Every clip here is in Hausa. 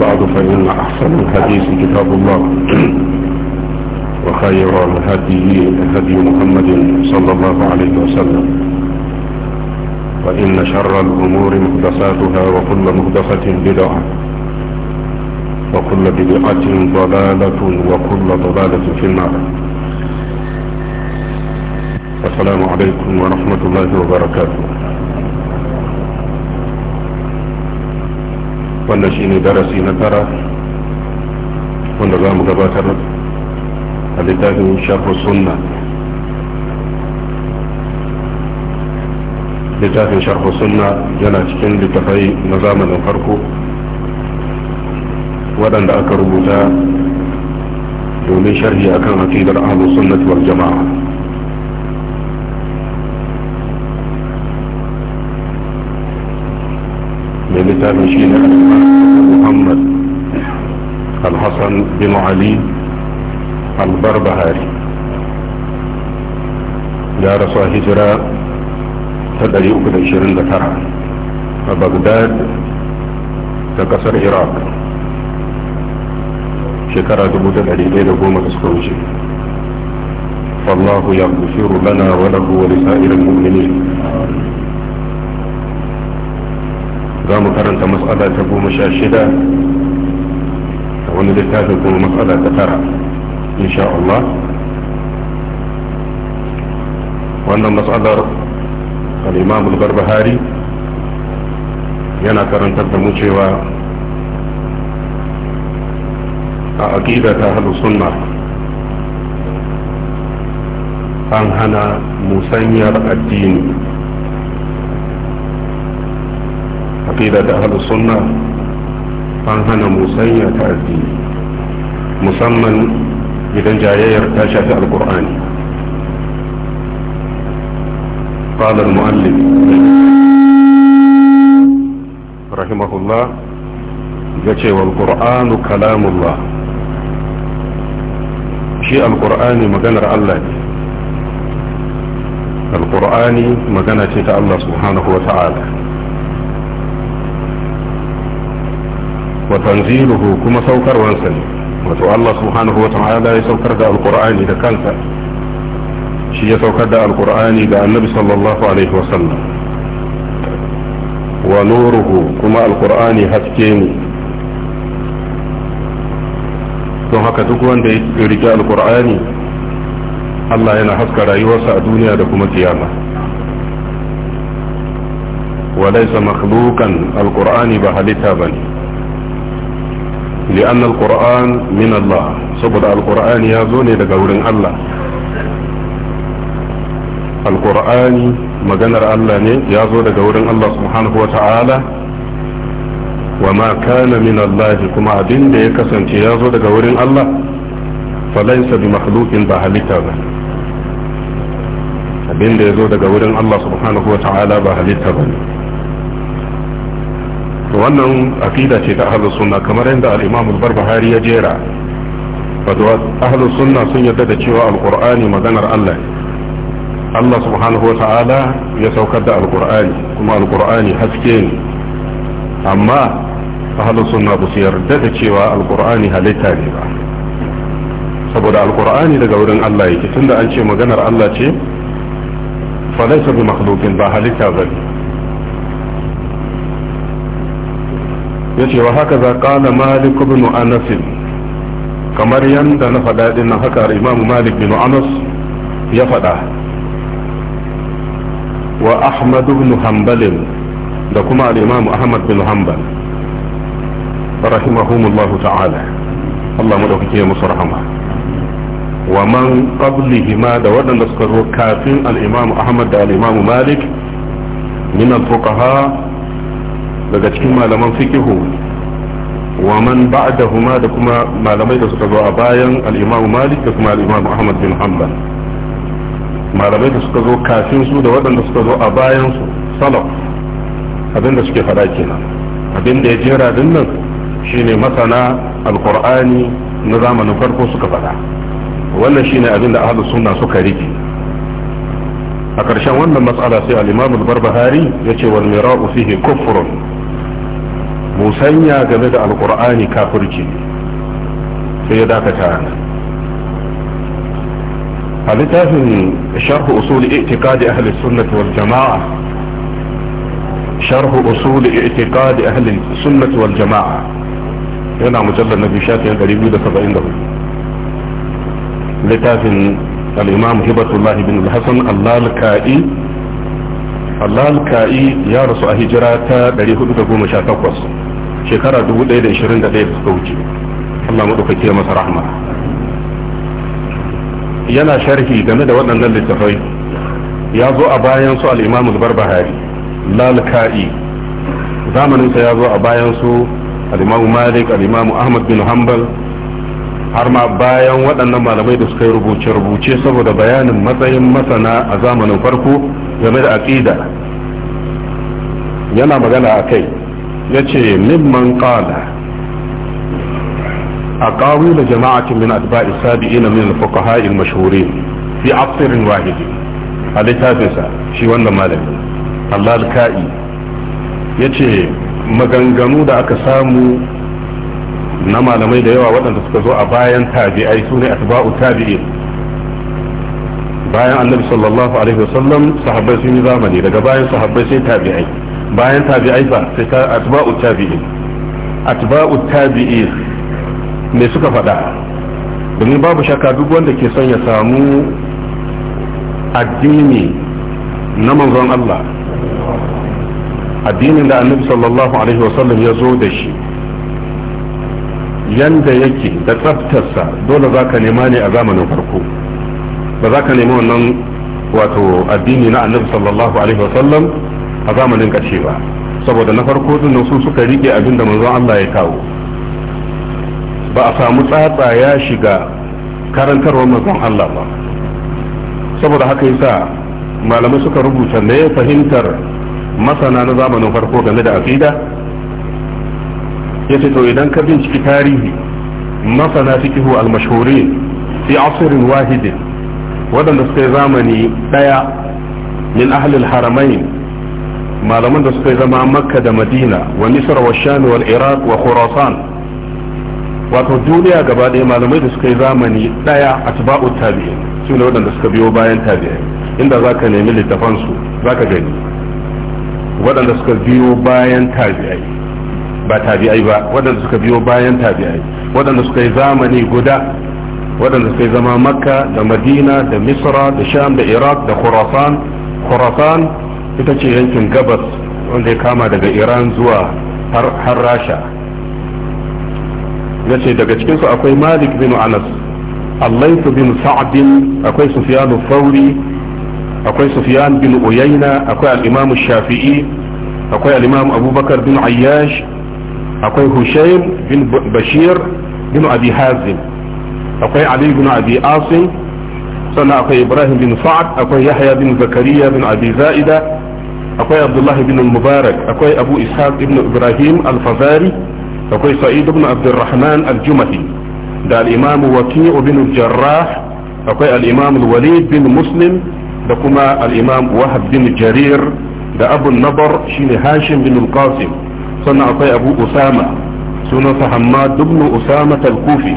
بعد فإن أحسن الحديث كتاب الله وخير الهدي هدي محمد صلى الله عليه وسلم وإن شر الأمور مهدساتها وكل مهدسة بدعة وكل بدعة ضلالة وكل ضلالة في النار السلام عليكم ورحمة الله وبركاته wanda shi ne darasi na tara wanda za mu gabatar a littafin sharhu sunna littafin sharhu sunna yana cikin littafai na zamanin farko waɗanda aka rubuta domin sharhi akan aqidar ahlus sunnati wal jama'a الإسلام شين محمد الحسن بن علي البربهاري دار صاحجرة تدري أكد شرين دكرا بغداد تكسر عراق شكرا دبوت الذي ليل قوم تسكوشي فالله يغفر لنا وله ولسائر المؤمنين za mu karanta matsala ta goma sha shida a wani littafin kuma matsala ta tara insha Allah wannan matsalar al'imam al-barbahari yana karantar da mu cewa a aƙida ta halu sunna an hana musanyar addini aqida da ahlus sunna an hana musanya ta addini musamman idan jayayyar ta shafi alqur'ani قال المؤلف رحمه الله يجي والقرآن كلام الله شيء القرآن مغنر الله القرآن مغنى الله سبحانه وتعالى wa tanziluhu kuma saukarwansa ne wato Allah subhanahu wa ta'ala ya saukar da alqur'ani da kansa shi ya saukar da alqur'ani ga annabi sallallahu alaihi wa sallam wa nuruhu kuma alqur'ani haske ne don haka duk wanda ya rike alqur'ani Allah yana haska rayuwarsa a duniya da kuma kiyama وليس مخلوقا القرآن بهلتا بني لأن القرآن من الله سبب القرآن يا زوني دقور الله القرآن مجنر الله يا زوني دقور الله سبحانه وتعالى وما كان من الله كما دين ديكا سنتي يا زوني دقور الله فليس بمخلوق بحلتا abin da ya zo daga wurin Allah subhanahu wa ta'ala ba halitta ba ne to wannan aqida ce ta ahlus sunna kamar yadda al-imam al-barbahari ya jera wato ahlus sunna sun yarda da cewa al-qur'ani maganar Allah Allah subhanahu wata'ala ya saukar da al-qur'ani kuma al-qur'ani haske ne amma ahlus sunna ba su yarda da cewa al-qur'ani halitta ne ba saboda al-qur'ani daga wurin Allah yake tunda an ce maganar Allah ce fa laysa bi makhluqin ba halitta bane yace wa haka za qala malik ibn anas kamar yanda na faɗa din nan haka imam malik bin anas ya faɗa wa ahmad ibn hanbal da kuma al'imam ahmad bin hanbal rahimahumullah ta'ala Allah madaukake musu rahama wa man qablihima da waɗanda suka zo kafin al'imam ahmad da al'imam imam malik min al-fuqaha daga cikin malaman fiqihu wa man ba'dahuma da kuma malamai da suka zo a bayan al-Imam Malik da kuma al-Imam Ahmad bin Hanbal malamai da suka zo kafin su da waɗanda suka zo a bayan su salaf abinda suke faɗa kenan abinda ya jera din nan shine masana alqur'ani na zamanin farko suka faɗa wannan shine abinda ahlus sunna suka rike a ƙarshen wannan matsala sai al-imam al-barbahari yace wal mira'u fihi kufrun musanya game da alqur'ani kafirci sai ya dakata nan a littafin sharh usul i'tiqad ahli sunnah wal jama'a sharh usul i'tiqad ahli sunnah wal jama'a yana mujallal mujallar na bishafin 274 littafin al-imam hibatullah bin al-hasan al-lalka'i al-lalka'i ya rasu a hijira ta 418 shekara 1021 da suka wuce Allah madaukake masa rahma yana sharhi game da waɗannan littafai ya zo a bayan su al'imamu imam al lalka'i ya zo a bayan su al'imamu Malik al'imamu Ahmad bin Hanbal har ma bayan waɗannan malamai da suka yi rubuce-rubuce saboda bayanin matsayin masana a zamanin farko game da aqida yana magana a kai ya ce mimman qala أقاويل جماعة من أتباع السابعين من الفقهاء المشهورين في عصر واحد هذا تافسا شي وانا مالك الله الكائي يتي maganganu da aka samu na malamai da yawa waɗanda suka zo a bayan tabi'ai su ne atba'u tabi'in bayan annabi sallallahu alaihi wasallam sahabbai sun yi zamani daga bayan sahabbai sai tabi'ai bayan tabi'ai ba sai ta atba'u tabi'in atba'u tabi'in me suka faɗa domin babu shakka duk wanda ke son ya samu addini na manzon Allah addinin da annabi sallallahu alaihi wa sallam ya zo da shi yanda yake da tsaftarsa dole za ka nema ne a zamanin farko ba za ka nema wannan wato addini na annabi sallallahu alaihi wa sallam. a zamanin ƙarshe ba saboda na farko dinnan su suka rike abin da manzon Allah ya kawo ba a samu tsatsa ya shiga karantarwar manzon Allah ba saboda haka yasa malamai suka rubuta ne fahimtar masana na zamanin farko game da aqida yace to idan ka binciki tarihi masana fiqhu al-mashhurin fi asrin wahidin wadanda suka yi zamani daya min ahli al-haramain malaman da suka zama makka da madina wa misra wa sham wal iraq wa khurasan wato duniya gaba ɗaya malamai da suka yi zamani ɗaya atba'u tabi'in su ne waɗanda suka biyo bayan tabi'in inda za ka nemi littafan su ka gani waɗanda suka biyo bayan tabi'ai ba tabi'ai ba waɗanda suka biyo bayan tabi'ai waɗanda suka zamani guda waɗanda suka zama makka da madina da misra da sham da iraq da khurasan khurasan ita ce yankin gabas wanda ya kama daga iran zuwa har rasha ya ce daga cikinsu akwai malik bin anas allaitu bin sa'adin akwai sufiyanu fauri akwai sufiyan bin uyaina akwai al'imamu shafi'i akwai al'imamu abubakar bin ayyash akwai hushaim bin bashir bin abi hazin akwai ali bin abi asin sannan akwai ibrahim bin sa'ad akwai yahya bin zakariya bin abi za'ida akwai abdullahi bin mubarak akwai abu ishaq ibn ibrahim al-fazari akwai sa'id ibn abdurrahman al-jumahi da al-imam waqi' bin jarrah akwai al-imam al-walid bin muslim da kuma al-imam wahab bin jarir da abu nabar shine hashim bin al-qasim sannan akwai abu usama sunansa hammad ibn usama al-kufi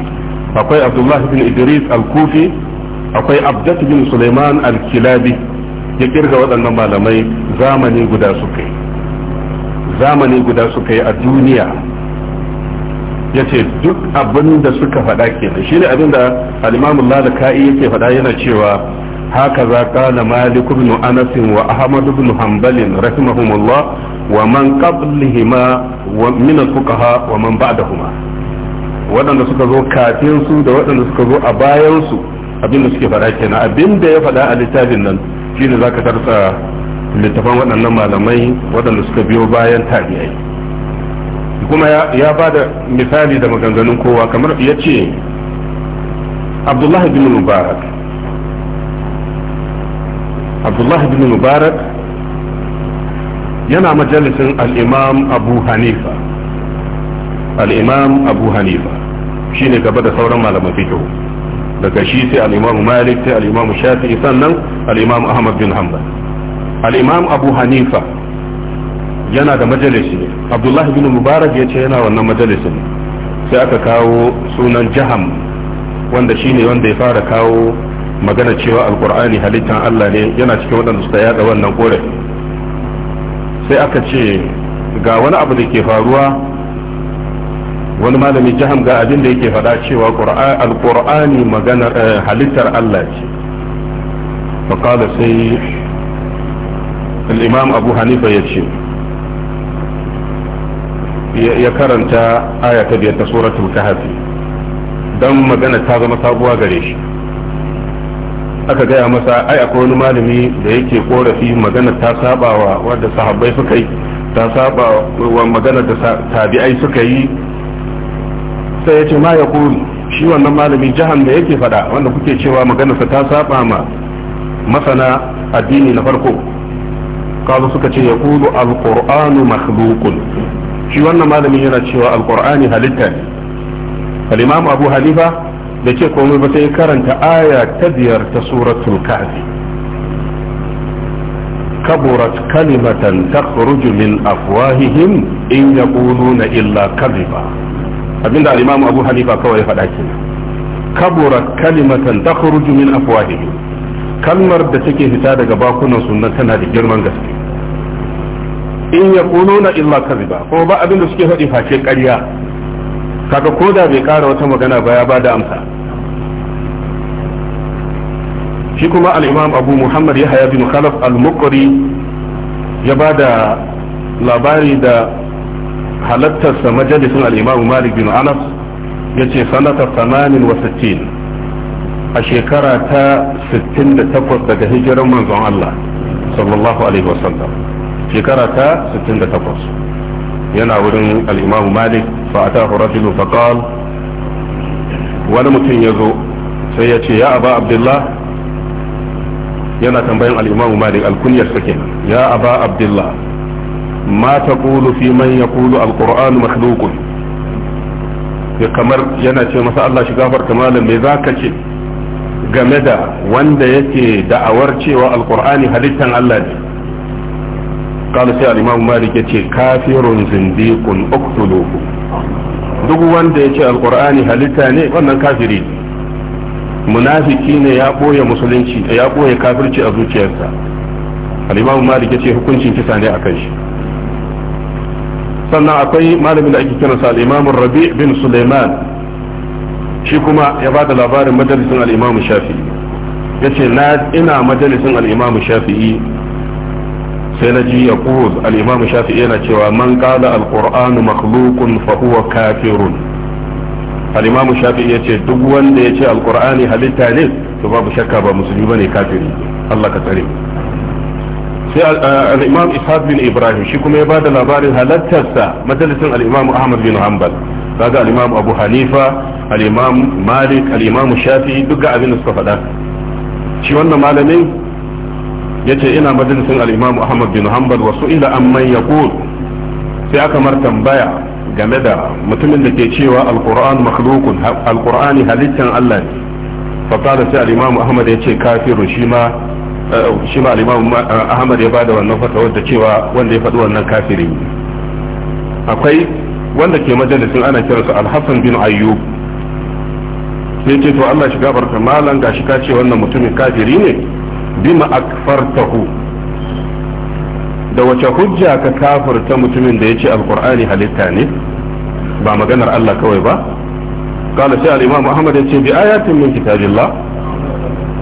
akwai abdullahi bin idris al-kufi akwai abdat bin suleiman al-kilabi ya kirga waɗannan malamai zamani guda suka yi zamani guda suka yi a duniya ya ce duk abin da suka faɗa kenan shine abin da alimamun lalaka'i yake faɗa yana cewa haka za kala malik ibn anas wa ahmad ibn hanbal rahimahumullah wa man qablihima wa min al-fuqaha wa man ba'dahuma waɗanda suka zo kafin su da waɗanda suka zo a bayan su abin da suke faɗa kenan abin da ya faɗa a littafin nan za ka tarsa littafan waɗannan malamai waɗanda suka biyo bayan tabi'ai kuma ya ba da misali da maganganun kowa kamar ya ce abdullahi bin mubarak abdullahi bin mubarak yana majalisin al'imam abu hanifa al'imam abu hanifa shine gaba da sauran malaman fikihu daga shi sai al'imam malik sai al'imam shafi'i sannan al'imam imam ahmad bin hanbal al'imam abu hanifa yana da majalisi ne abdullahi bin mubarak ya ce yana wannan majalisin sai aka kawo sunan jaham wanda shine wanda ya fara kawo magana cewa alkur'ani halittan allah ne yana cikin waɗanda suka yada wannan korafi sai aka ce ga wani abu da ke faruwa wani malami jiham ga abin da yake faɗa cewa alƙur'ani magana eh, halittar Allah ce faƙala sai al'imam abu hanifa ya ce ya karanta aya ta biyar ta suratul kahfi don magana ta zama sabuwa gare shi aka gaya masa ai akwai wani malami da yake korafi magana ta sabawa wadda sahabbai suka yi ta saba wa magana da tabi'ai suka yi sai ya ce ma ya kuri shi wannan malami jahan da yake fada wanda kuke cewa maganarsa ta saba ma masana addini na farko kazo suka ce ya kulu alqur'anu makhluqun shi wannan malami yana cewa alkur'ani halitta ne al abu halifa da ce komai ba sai karanta aya ta biyar ta suratul kahfi kaburat kalimatan takhruju min afwahihim in yaquluna illa kadhiba abinda al-imamu abu hanifa kawai faɗa ke kabura kalimatan takhruju min afwahihi kalmar da take fita daga bakunan suna tana da girman gaske in yaquluna illa kadhiba ko ba abinda suke faɗi face ƙarya kaga da bai ƙara wata magana ba ya bada amsa shi kuma al-imam abu muhammad yahya bin khalaf al-muqri ya bada labari da halattarsa majalisun al'imamu malik bin anas ya ce sanata wa sittin a shekara ta 68 daga hijirar manzon Allah sallallahu alaihi wasallam shekara ta 68 yana wurin al'imamu malik fa'atahu rajulun faqal wani mutum ya zo sai ya ce ya aba abdullah yana tambayin al'imamu malik alkunyar suke ya aba abdullah ma taqulu fi man yaqulu alquran makhluqun ya kamar yana ce masa Allah shi gafarta malam me ka ce game da wanda yake da'awar cewa alqur'ani halittan Allah ne قال سي الإمام مالك يتي كافر زنديق اقتلوه duk wanda ya ce alkur'ani halitta ne wannan kafiri munafiki ne ya ɓoye musulunci ya ɓoye kafirci a zuciyarsa al'imamu malik ya ce hukuncin kisa ne a kan shi sannan akwai malamin da ake kiransa al rabi bin suleiman shi kuma ya ba da labarin majalisin al shafi'i yace na ina majalisin al shafi'i sai na ji ya kuhuz al shafi'i yana cewa man qala al-qur'anu makhluqun fa huwa kafirun al shafi'i yace duk wanda yace al-qur'ani halitta ne to babu shakka ba musulmi bane kafiri Allah ka tsare mu sai al-imam ishaq bin ibrahim shi kuma ya ba da labarin halattarsa majalisin al-imam ahmad bin hanbal kaga al-imam abu hanifa al'imam malik al'imam shafi shafi'i duk abin da suka faɗa shi wannan malamin ya ce ina majalisin al'imam ahmad bin hanbal wa su'ila amman yaqul sai aka mar tambaya game da mutumin da ke cewa al-qur'an makhluqun halittar Allah ne fa sai al'imam imam ahmad yace kafiru shi ma shi ma uh, ahmad ya bada wannan fata da cewa wanda ya faɗi wannan kafiri akwai wanda ke majalisin ana su alhassan bin ayyub sai ce to Allah shi gafarta malan gashi ka ce wannan mutumin kafiri ne bima akfartahu da wace hujja ka kafirta mutumin da ya ce alkur'ani halitta ne ba maganar Allah kawai ba قال سأل الإمام أحمد يتشي بآيات من كتاب الله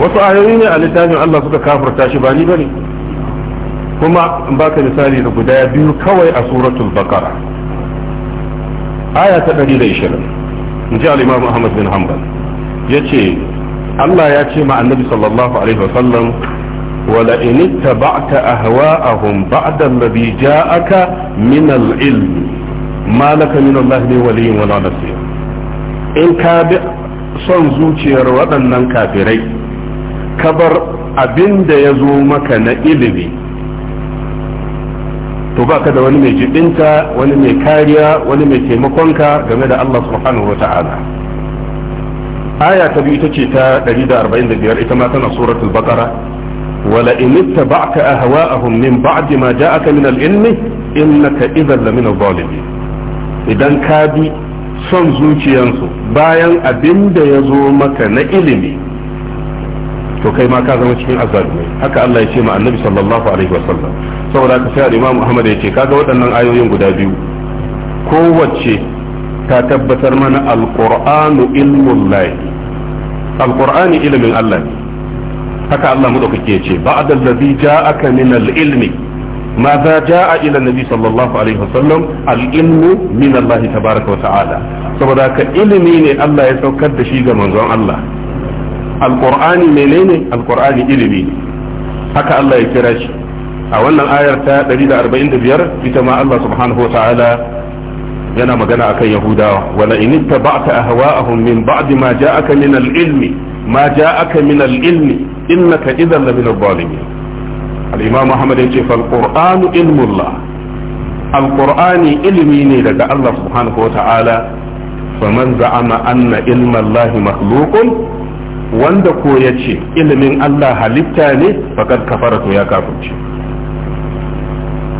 wasu ayoyi ne a littafin Allah suka kafirta shi ba ni bane kuma ba ka misali da guda biyu kawai a suratul baqara aya ta 120 in ji al-imam Ahmad bin Hanbal yace Allah ya ce ma annabi sallallahu alaihi wa sallam. wala in ittaba'ta ahwa'ahum ba'da alladhi ja'aka min al-ilm ma laka min Allah min waliyyin wala nasir in ka bi son zuciyar waɗannan kafirai kabar abin da ya zo maka na ilimi to ba ka da wani mai jibinta wani mai kariya wani mai taimakonka game da Allah subhanahu wa ta'ala aya ta biyu ita ce ta 145 ita ma tana suratul baqara wala in ittaba'ta ahwa'ahum min ba'di ma ja'aka min al-ilmi innaka idhan lamina zalimin idan ka bi son zuciyansu bayan abin da ya zo maka na ilimi to kai ma ka zama cikin azzalumai haka Allah ya ce ma annabi sallallahu alaihi wa sallam saboda ka sai imam Ahmad ya ce kaga waɗannan ayoyin guda biyu kowace ta tabbatar mana alqur'anu ilmul lahi alqur'ani ilmin Allah ne haka Allah madaukake ya ce ba'da allazi ja'aka min al-ilmi ماذا جاء الى النبي صلى الله عليه وسلم العلم من الله تبارك وتعالى saboda ka ilimi ne Allah ya saukar da shi ga manzon Allah alqur'ani menene alqur'ani ilimi ne haka Allah ya kira shi a wannan ayar ta 145 ita ma Allah subhanahu wa ta'ala yana magana akan yahudawa wala in ittaba'ta ahwa'ahum min ba'di ma ja'aka min al-ilmi ma ja'aka min al-ilmi innaka idhan la min al dhalimin al-imam Muhammad yace al qur'anu ilmullah al-qur'ani ilmi ne daga Allah subhanahu wa ta'ala faman za'ama anna ilma Allah makhluqun wanda ko ya ce ilimin Allah halitta ne fakat kafara to ya kafirce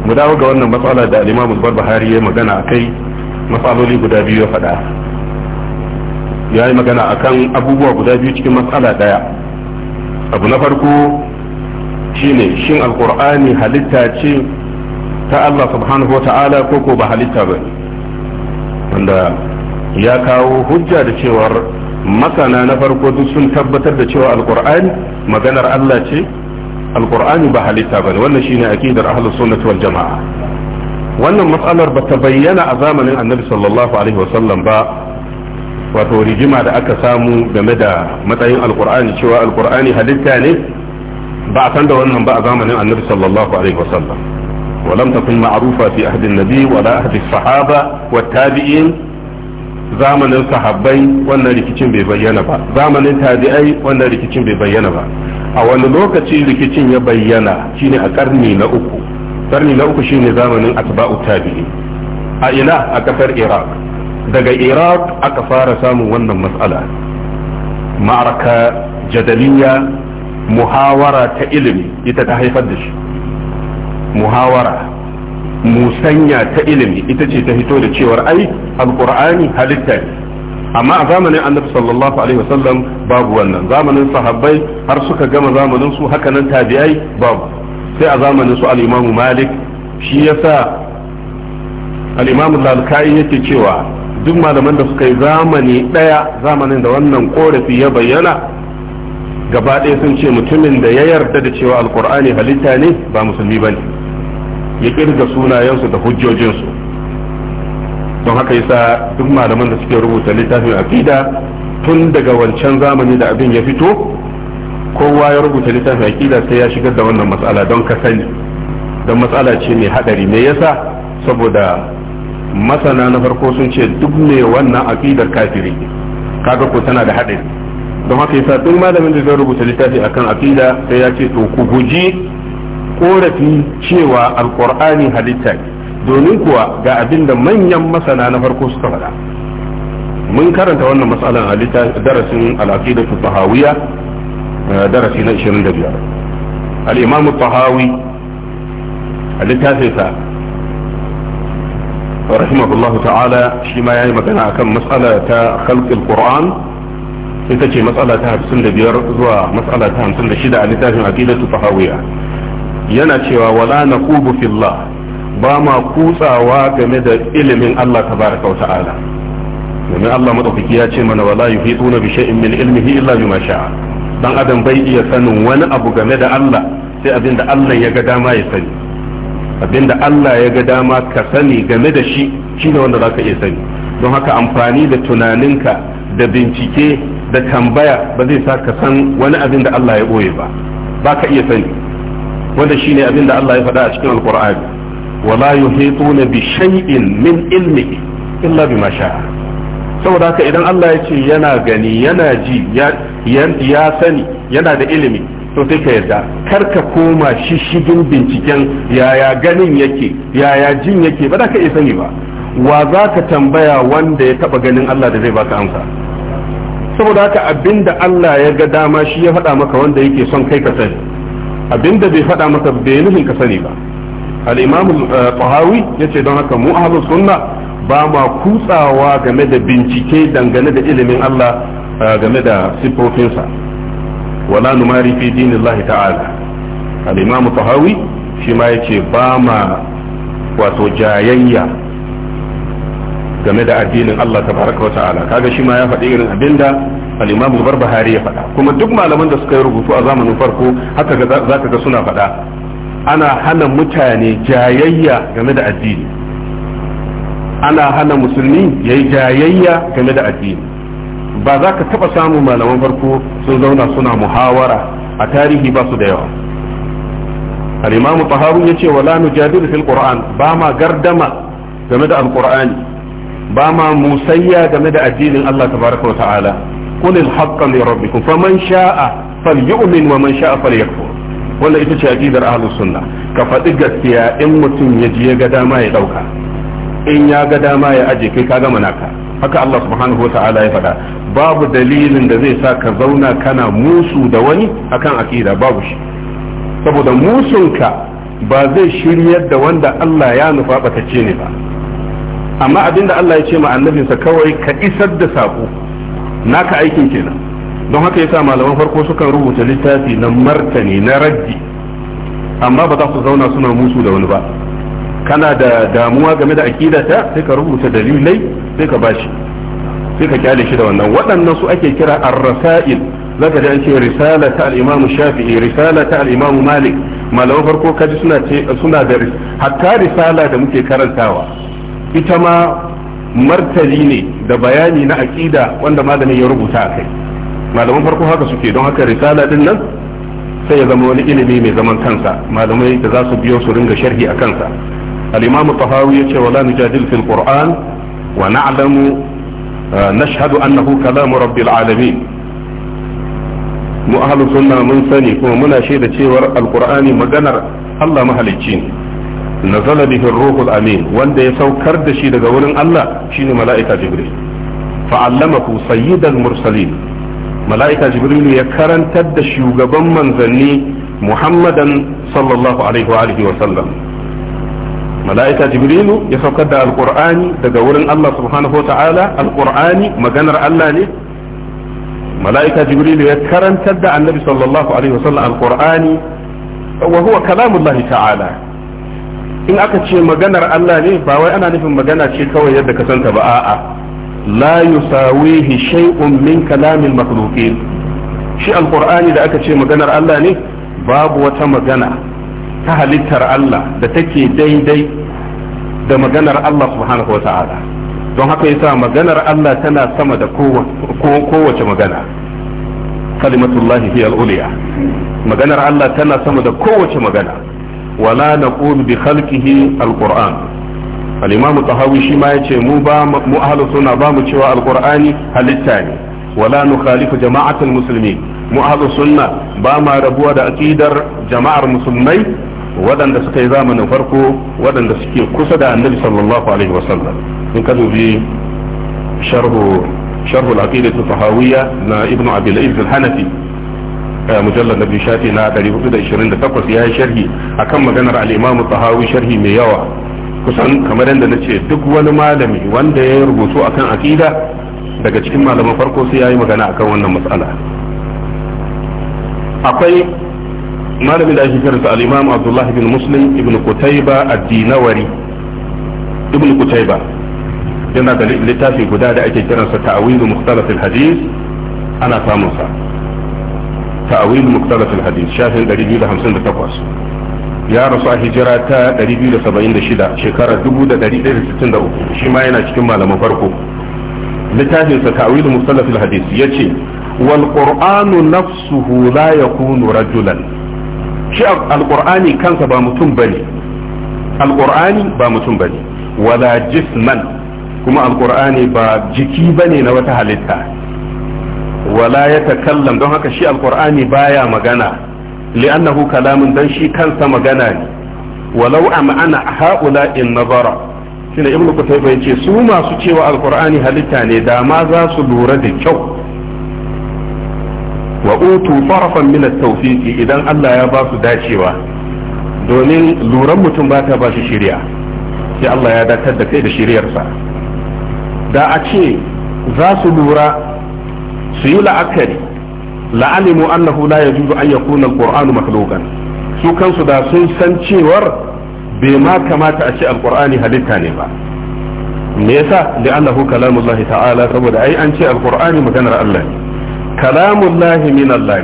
mu dawo ga wannan matsala da al-Imam al ya magana akai matsaloli guda biyu ya faɗa ya yi magana akan abubuwa guda biyu cikin matsala ɗaya abu na farko shine shin alkur'ani halitta ce ta Allah subhanahu wa ta'ala ko ko ba halitta ba wanda ya kawo hujja da cewar masana na farko duk sun tabbatar da cewa alqur'ani maganar Allah ce alqur'ani ba halitta bane wannan shine aqidar ahlus sunnah wal jamaa wannan matsalar ba ta bayyana a zamanin annabi sallallahu alaihi wasallam ba wato rigima da aka samu game da matsayin alkur'ani cewa alqur'ani halitta ne ba a san da wannan ba a zamanin annabi sallallahu alaihi wasallam ولم تكن معروفة في أهد النبي ولا أهد الصحابة والتابعين zamanin sahabbai wannan rikicin bai bayyana ba zamanin tabi'ai wannan rikicin bai bayyana ba a wani lokaci rikicin ya bayyana shine a karni na uku karni na uku shine zamanin atba'u tabi'i a ina a kasar iraq daga iraq aka fara samun wannan matsala ma'araka jadaliya muhawara ta ilimi ita ta haifar da shi muhawara musanya ta ilimi ita ce ta fito da cewar ai alqur'ani halitta ne amma a zamanin annabi sallallahu alaihi wasallam babu wannan zamanin sahabbai har suka gama zamanin su haka nan tabi'ai babu sai a zamanin su al-imamu malik shi yasa al-imamu lalkai yake cewa duk malaman da suka yi zamani daya zamanin da wannan korafi ya bayyana gaba ɗaya sun ce mutumin da ya yarda da cewa alkur'ani halitta ne ba musulmi bane ya kirga sunayensu da hujjojinsu don haka yasa duk malaman da suke rubuta littafin aqida tun daga wancan zamani da abin ya fito kowa ya rubuta littafin aqida sai ya shigar da wannan matsala don ka sani don matsala ce mai hadari me yasa saboda masana na farko sun ce duk mai wannan aqidar kafiri kaga ko tana da hadari don haka yasa duk malamin da zai rubuta littafi akan aqida sai ya ce to ku guji korafi cewa alkur'ani halitta ne domin kuwa ga abin da manyan masana na farko suka faɗa mun karanta wannan matsalan halitta darasin al'aqidatu tahawiyya darasi na 25 al-imam tahawi halitta sai littafinsa rahimahullah ta'ala shi ma yayi magana akan matsala ta khalqil qur'an sai ta ce matsala ta 55 zuwa matsala ta 56 a littafin aqidatu tahawiyya yana cewa wala naqubu fillah ba ma kutsawa game da ilimin Allah tabaraka wa ta'ala domin Allah madaukaki ya ce mana wala yuhituna bi shay'in min ilmihi illa bima sha'a dan adam bai iya sanin wani abu game da Allah sai abinda Allah ya ga dama ya sani abinda Allah ya ga dama ka sani game da shi shine wanda zaka iya sani don haka amfani da tunaninka da bincike da tambaya ba zai sa ka san wani abin da Allah ya boye ba ba ka iya sani wanda shine abin da Allah ya faɗa a cikin alkur'ani wala yuhituna bi shay'in min ilmihi illa bima sha'a saboda haka idan Allah ya ce yana gani yana ji ya sani yana da ilimi to sai ka yarda kar ka koma shishigin binciken yaya ganin yake yaya jin yake ba za ka iya sani ba wa za ka tambaya wanda ya taba ganin Allah da zai baka amsa saboda haka abin da Allah ya ga dama shi ya faɗa maka wanda yake son kai ka sani abinda bai faɗa masa bai nufin ka sani ba al-imam qahawi yace don haka mu ahlus sunna ba ma kutsawa game da bincike dangane da ilimin Allah game da sifofinsa wala numari fi dinillahi ta'ala al-imam shi ma ba ma wato jayayya game da addinin Allah tabaraka wa ta'ala kaga shi ma ya faɗi irin abinda al-imam al ya faɗa kuma duk malaman da suka yi rubutu a zamanin farko haka za ka ga suna faɗa ana hana mutane jayayya game da addini ana hana musulmi ya yi jayayya game da addini ba za ka taɓa samun malaman farko sun zauna suna muhawara a tarihi ba su da yawa alimamu imam taharu ya ce wala nujadilu fil qur'an ba ma gardama game da alqur'ani ba ma musayya game da addinin Allah tabaraka wa ta'ala qul al-haqqa li rabbikum faman sha'a falyu'min wa man sha'a falyakfur wannan ita ce aqidar ahlus sunna ka faɗi gaskiya in mutum ya ji ya ga dama ya dauka in ya ga dama ya aje kai ka gama naka haka Allah subhanahu wa ya faɗa babu dalilin da zai sa ka zauna kana musu da wani akan aqida babu shi saboda musunka ba zai shiryar da wanda Allah ya nufa batacce ne ba amma abinda Allah ya ce ma annabinsa kawai ka isar da sako naka aikin kenan don haka yasa malaman farko sukan rubuta littafi na martani na raddi amma ba za su zauna suna musu da wani ba kana da damuwa game da akidata sai ka rubuta dalilai sai ka bashi sai ka kyale shi da wannan waɗannan su ake kira ar-rasail zaka ji an ce risala ta al-imam shafi'i risala ta al-imam malik malaman farko kaji suna ce suna da hatta risala da muke karantawa ita ma martani ne da bayani na aƙida wanda malamin ya rubuta a kai malaman farko haka suke don haka risala din nan sai ya zama wani ilimi mai zaman kansa malamai da za su biyo su ringa sharhi a kansa al-imamu tahawi ya ce wala nujadil fil qur'an wa na'lamu eh, nashhadu annahu kalamu rabbil alamin mu ahlus sunna mun sani kuma muna shaida cewar alqur'ani maganar Allah mahalicci ne nazala bihi ruhu amin wanda ya saukar da shi daga wurin Allah shine mala'ika jibril fa'allamahu sayyidal mursalin mala'ika jibril ya karantar da shugaban manzanni muhammadan sallallahu alaihi wa alihi wa sallam mala'ika jibrilu ya saukar da alqur'ani daga wurin Allah subhanahu wa ta'ala alqur'ani maganar Allah ne mala'ika jibrilu ya karantar da annabi sallallahu alaihi wa sallam alqur'ani wa huwa kalamullahi ta'ala in aka ce maganar Allah ne ba wai ana nufin magana ce kawai yadda ka santa ba a'a la yusawihi shay'un min kalamil makhluqin shi alqur'ani da aka ce maganar Allah ne babu wata magana ta halittar Allah da take daidai da maganar Allah subhanahu wa don haka yasa maganar Allah tana sama da kowace magana kalimatullahi hiya al maganar Allah tana sama da kowace magana wala naqulu bi khalqihi alquran al-imam tahawi shi ma yace mu ba mu ahlu sunna cewa alqur'ani halitta ne wala nukhalifu jama'atul muslimin mu ahlu sunna ba ma rabuwa da aqidar jama'ar musulmai waɗanda suka yi zamanin farko waɗanda ke kusa da annabi sallallahu alaihi wasallam in ka dubi sharhu sharhu tahawiyya na ibnu abil al-hanafi Eh, mujallar nabi shafi na 428 ya yi sharhi akan maganar al'imamu tahawi sharhi mai yawa kusan kamar yadda na ce duk wani malami wanda ya rubutu akan akida daga cikin malaman farko sai ya yi magana akan wannan matsala akwai malami da ake kiransa al-imam abdullahi bin muslim ibn kutaiba ad-dinawari ibn kutaiba yana da littafi guda da ake kiransa ta'awilu mukhtalaf al-hadith ana samun sa ta'awil muktalaf al-hadith shafin 258 ya rasu a hijira ta 276 shekarar 1163 shi ma yana cikin malaman farko littafin sa ta'awil muktalaf al-hadith yace wal qur'anu nafsuhu la yakunu rajulan shi al-qur'ani kansa ba mutum bane al-qur'ani ba mutum bane wala jisman kuma al-qur'ani ba jiki bane na wata halitta wala ya takallam don haka shi alkur'ani baya magana li'annahu kalamun dan shi kansa magana ne walau am'ana haula in nazara shine ibnu kutayba yace su masu cewa alkur'ani halitta ne da ma za su lura da kyau wa utu farafan min at-tawfiq idan Allah ya ba su dacewa domin luran mutum ba ta ba shi sai Allah ya datar da kai da shiryarsa da a ce za su lura su yi la'akari la'alimu annahu la yajuzu an yakuna alqur'anu makhluqan su kansu da sun san cewar bai ma kamata a ce alqur'ani halitta ne ba me yasa li'annahu kalamullahi ta'ala saboda ai an ce alqur'ani maganar Allah ne kalamullahi min Allah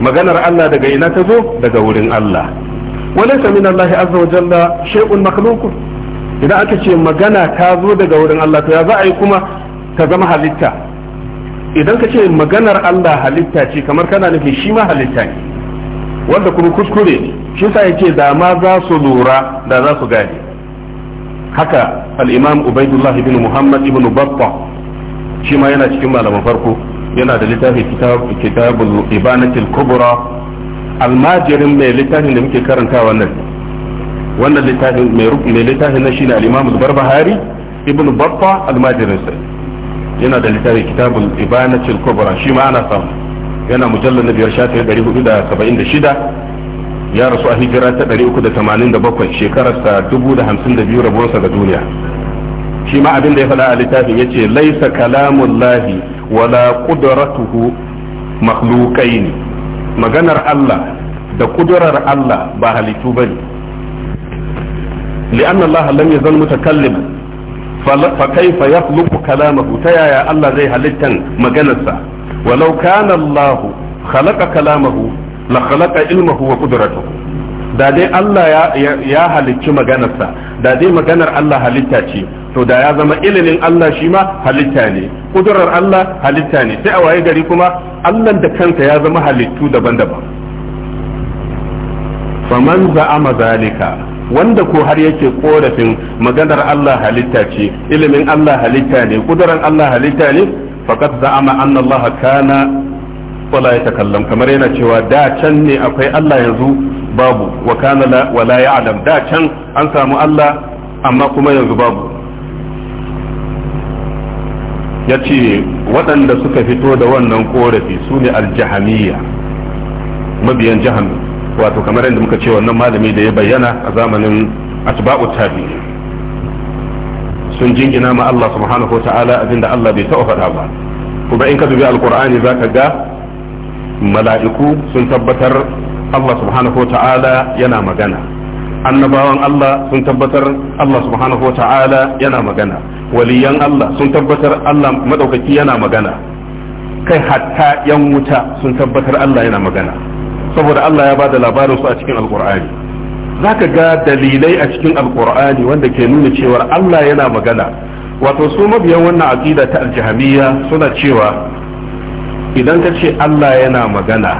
maganar Allah daga ina ta zo daga wurin Allah walaysa min Allah azza wa jalla shay'un makhluqun idan aka ce magana ta zo daga wurin Allah to ya za a yi kuma ta zama halitta idan ka ce maganar Allah halitta ce kamar kana nufi shi ma halitta ne wanda kuma kuskure shi sa yake da ma za su lura da za su gane haka al-imam ubaidullah ibn muhammad ibn batta shi ma yana cikin malaman farko yana da littafi kitabul ibanatil kubra almajirin mai littafin da muke karanta wannan wannan littafin mai littafin na shine al-imam al-barbahari ibn batta almajirin sai yana da littafi kitabul ibanatil kubra shi ma ana samu yana mujallar na biyar shafi shida ya rasu a hijira ta 387 shekararsa 1052 rabuwarsa da duniya shi ma abin da ya faɗa a littafin ce laisa kalamun lahi wala qudratuhu ne maganar Allah da kudurar Allah ba halittu bane li'anna Allah lam yazal mutakalliman fa kaifa yakhluqu kalamahu ta yaya Allah zai halitta maganarsa walau kana Allah khalaqa kalamahu la khalaqa ilmuhu wa qudratuhu da dai Allah ya halicci maganarsa da dai maganar Allah halitta ce to da ya zama ilimin Allah shi ma halitta ne kudurar Allah halitta ne sai a waye gari kuma Allah da kansa ya zama halittu daban-daban faman za'ama zalika wanda ko har yake korafin maganar Allah halitta ce ilimin Allah halitta ne kuduran Allah halitta ne faqad za'ama anna Allah kana wala yatakallam kamar yana cewa da can ne akwai Allah yanzu babu wa kana la wala ya'lam da can an samu Allah amma kuma yanzu babu yace waɗanda suka fito da wannan korafi su ne aljahamiyya mabiyan jahannam wato kamar yadda muka ce wannan malami da ya bayyana a zamanin asba'u tabi sun jingina ma Allah subhanahu ta'ala abinda Allah bai taɓa faɗa ba kuma in ka dubi alqur'ani zaka ga mala'iku sun tabbatar Allah subhanahu ta'ala yana magana annabawan Allah sun tabbatar Allah subhanahu ta'ala yana magana waliyan Allah sun tabbatar Allah madaukaki yana magana kai hatta yan wuta sun tabbatar Allah yana magana saboda Allah ya da labarin su a cikin alkur'ani zaka ga dalilai a cikin alkur'ani wanda ke nuna cewa Allah yana magana wato su mabiyan wannan aqida ta aljahmiya suna cewa idan ka ce Allah yana magana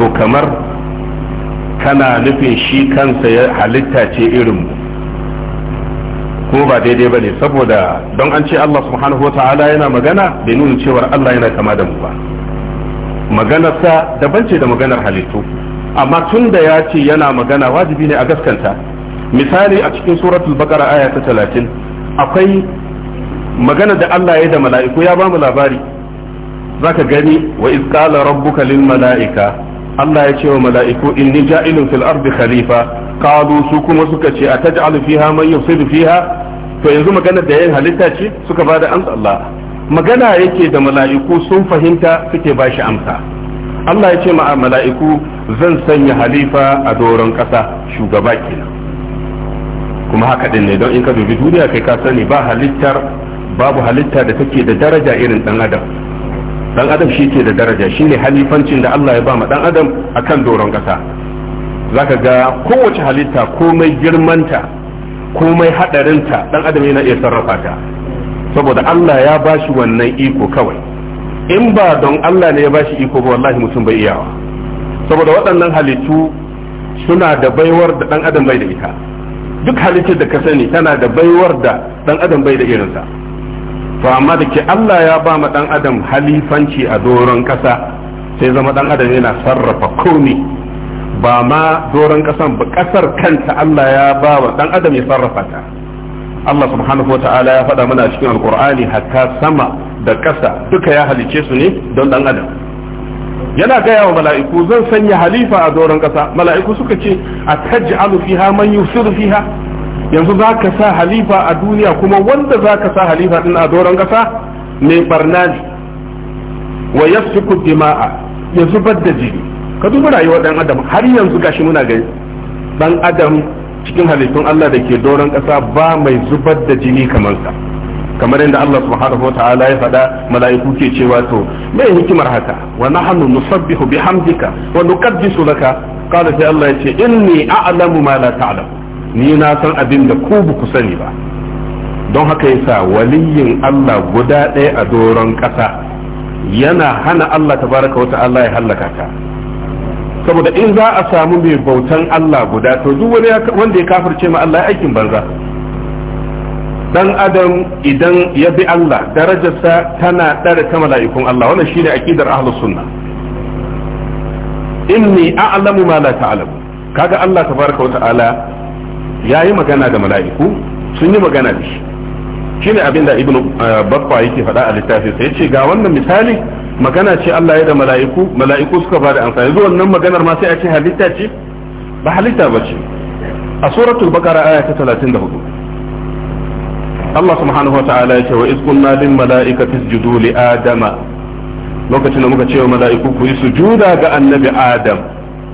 to kamar kana nufin shi kansa ya halitta ce irin ko ba daidai ba ne saboda don an ce Allah subhanahu wa ta'ala yana magana bai nuna cewa Allah yana kama da mu ba maganarsa daban ce da maganar halittu amma tun da ya ce yana magana wajibi ne a gaskanta misali a cikin suratul baqara aya ta 30 akwai magana da Allah ya da mala'iku ya ba mu labari zaka gani wa iz qala rabbuka lil mala'ika Allah ya ce wa mala'iku inni ja'ilun fil ardi khalifa qalu su kuma suka ce ataj'alu fiha man yufsidu fiha to yanzu magana da yayin halitta ce suka bada an Allah magana yake da mala'iku sun fahimta suke ba shi amsa Allah ya ce ma mala'iku zan sanya halifa a doron ƙasa shugaba kenan kuma haka din ne don in ka dubi duniya kai ka sani ba halittar babu halitta da take da daraja irin dan adam dan adam shi ke da daraja shi ne halifancin da Allah ya ba ma dan adam akan doron ƙasa zaka ga kowace halitta komai girmanta komai hadarinta ɗan adam yana iya sarrafa ta saboda Allah ya ba shi wannan iko kawai in ba don Allah ne ya ba shi iko ba wallahi mutum bai iyawa saboda waɗannan halittu suna da baiwar da ɗan adam bai da ita duk halittar da ka sani tana da baiwar da ɗan adam bai da irinsa to amma da ke Allah ya ba ma ɗan adam halifanci a doron ƙasa sai zama ɗan adam yana sarrafa komi ba ma doron ƙasan ba ƙasar kanta Allah ya ba wa ɗan adam ya sarrafa ta Allah subhanahu wa ta'ala ya faɗa mana cikin alkur'ani hatta sama da ƙasa duka ya halice su ne don ɗan adam yana gaya wa mala'iku zan sanya halifa a doron ƙasa mala'iku suka ce a taj'alu fiha man yusiru fiha yanzu za ka sa halifa a duniya kuma wanda za ka sa halifa din a doron ƙasa mai barna ne wa yasfiku dima'a ya zubar da jini ka duba rayuwar ɗan adam har yanzu gashi muna gani ɗan adam cikin halittun Allah da ke doron ƙasa ba mai zubar da jini kamar sa kamar yadda Allah subhanahu ta'ala ya faɗa mala'iku ke cewa to mai hikimar haka wa nahnu nusabbihu bihamdika wa nuqaddisu laka qala sai Allah ya ce inni a'lamu ma la ta'lam ni na san abin da ku ba ku sani ba don haka yasa waliyin Allah guda ɗaya a doron ƙasa yana hana Allah tabaraka ta'ala ya hallaka ka saboda in za a samu mai bautan Allah guda to duk wani wanda ya kafirce ma Allah aikin banza dan adam idan ya bi Allah darajarsa tana ɗara ta mala'ikun Allah wannan shine akidar ahlus sunna inni a'lamu ma la ta'lamu kaga Allah tabaraka wa ta'ala yayi magana da mala'iku sun yi magana da shi shine da ibnu eh, baffa yake faɗa a littafin sai ce ga wannan misali magana ce Allah ya da mala'iku mala'iku suka da amfani zuwa wannan maganar ma sai a ce halitta ce ba halitta ba ce a suratul baqara aya ta 34 Allah subhanahu wataala yace wa iz lil mala'ikati isjudu li adama lokacin da muka ce wa mala'iku ku yi sujuda ga annabi adam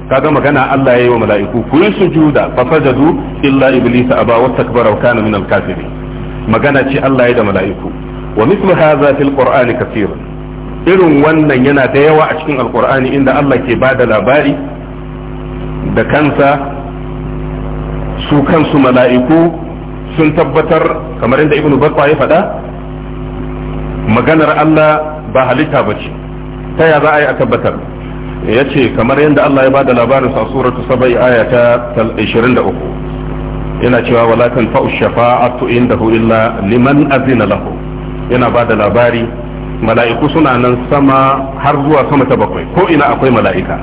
kaga magana Allah ya yi wa mala'iku ku yi sujuda fa sajadu illa iblisa aba takbara wa kana al kafirin magana ce Allah ya da mala'iku wa mithlu hadha fil qur'ani kathir irin wannan yana da yawa a cikin alqur'ani inda Allah ke bada labari da kansa su kansu mala'iku sun tabbatar kamar inda ibnu battah ya faɗa maganar Allah ba halitta bace ta ya za a yi a tabbatar ya ce kamar yadda Allah ya bada labarin sa suratu sabai aya ta 23 yana cewa wala tanfa'u shafa'atu indahu illa liman azina lahu yana ba da labari mala'iku suna nan sama har zuwa sama ta bakwai ko ina akwai mala'ika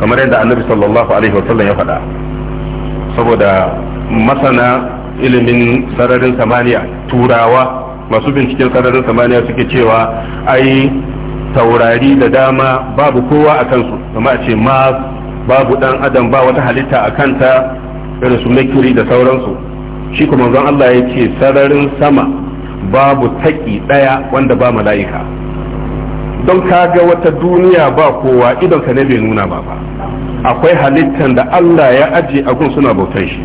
kamar yadda annabi sallallahu alaihi wasallam ya faɗa saboda masana ilimin sararin samaniya turawa masu binciken sararin samaniya suke cewa ai taurari da dama babu kowa a kansu kuma a ce ma babu dan adam ba wata halitta a kanta irin su mercury da sauransu shi kuma zan Allah ya ce sararin sama babu taki daya wanda ba mala'ika don kaga wata duniya ba kowa idan ka ne bai nuna ba ba akwai halittan da Allah ya aje a gun suna bautan shi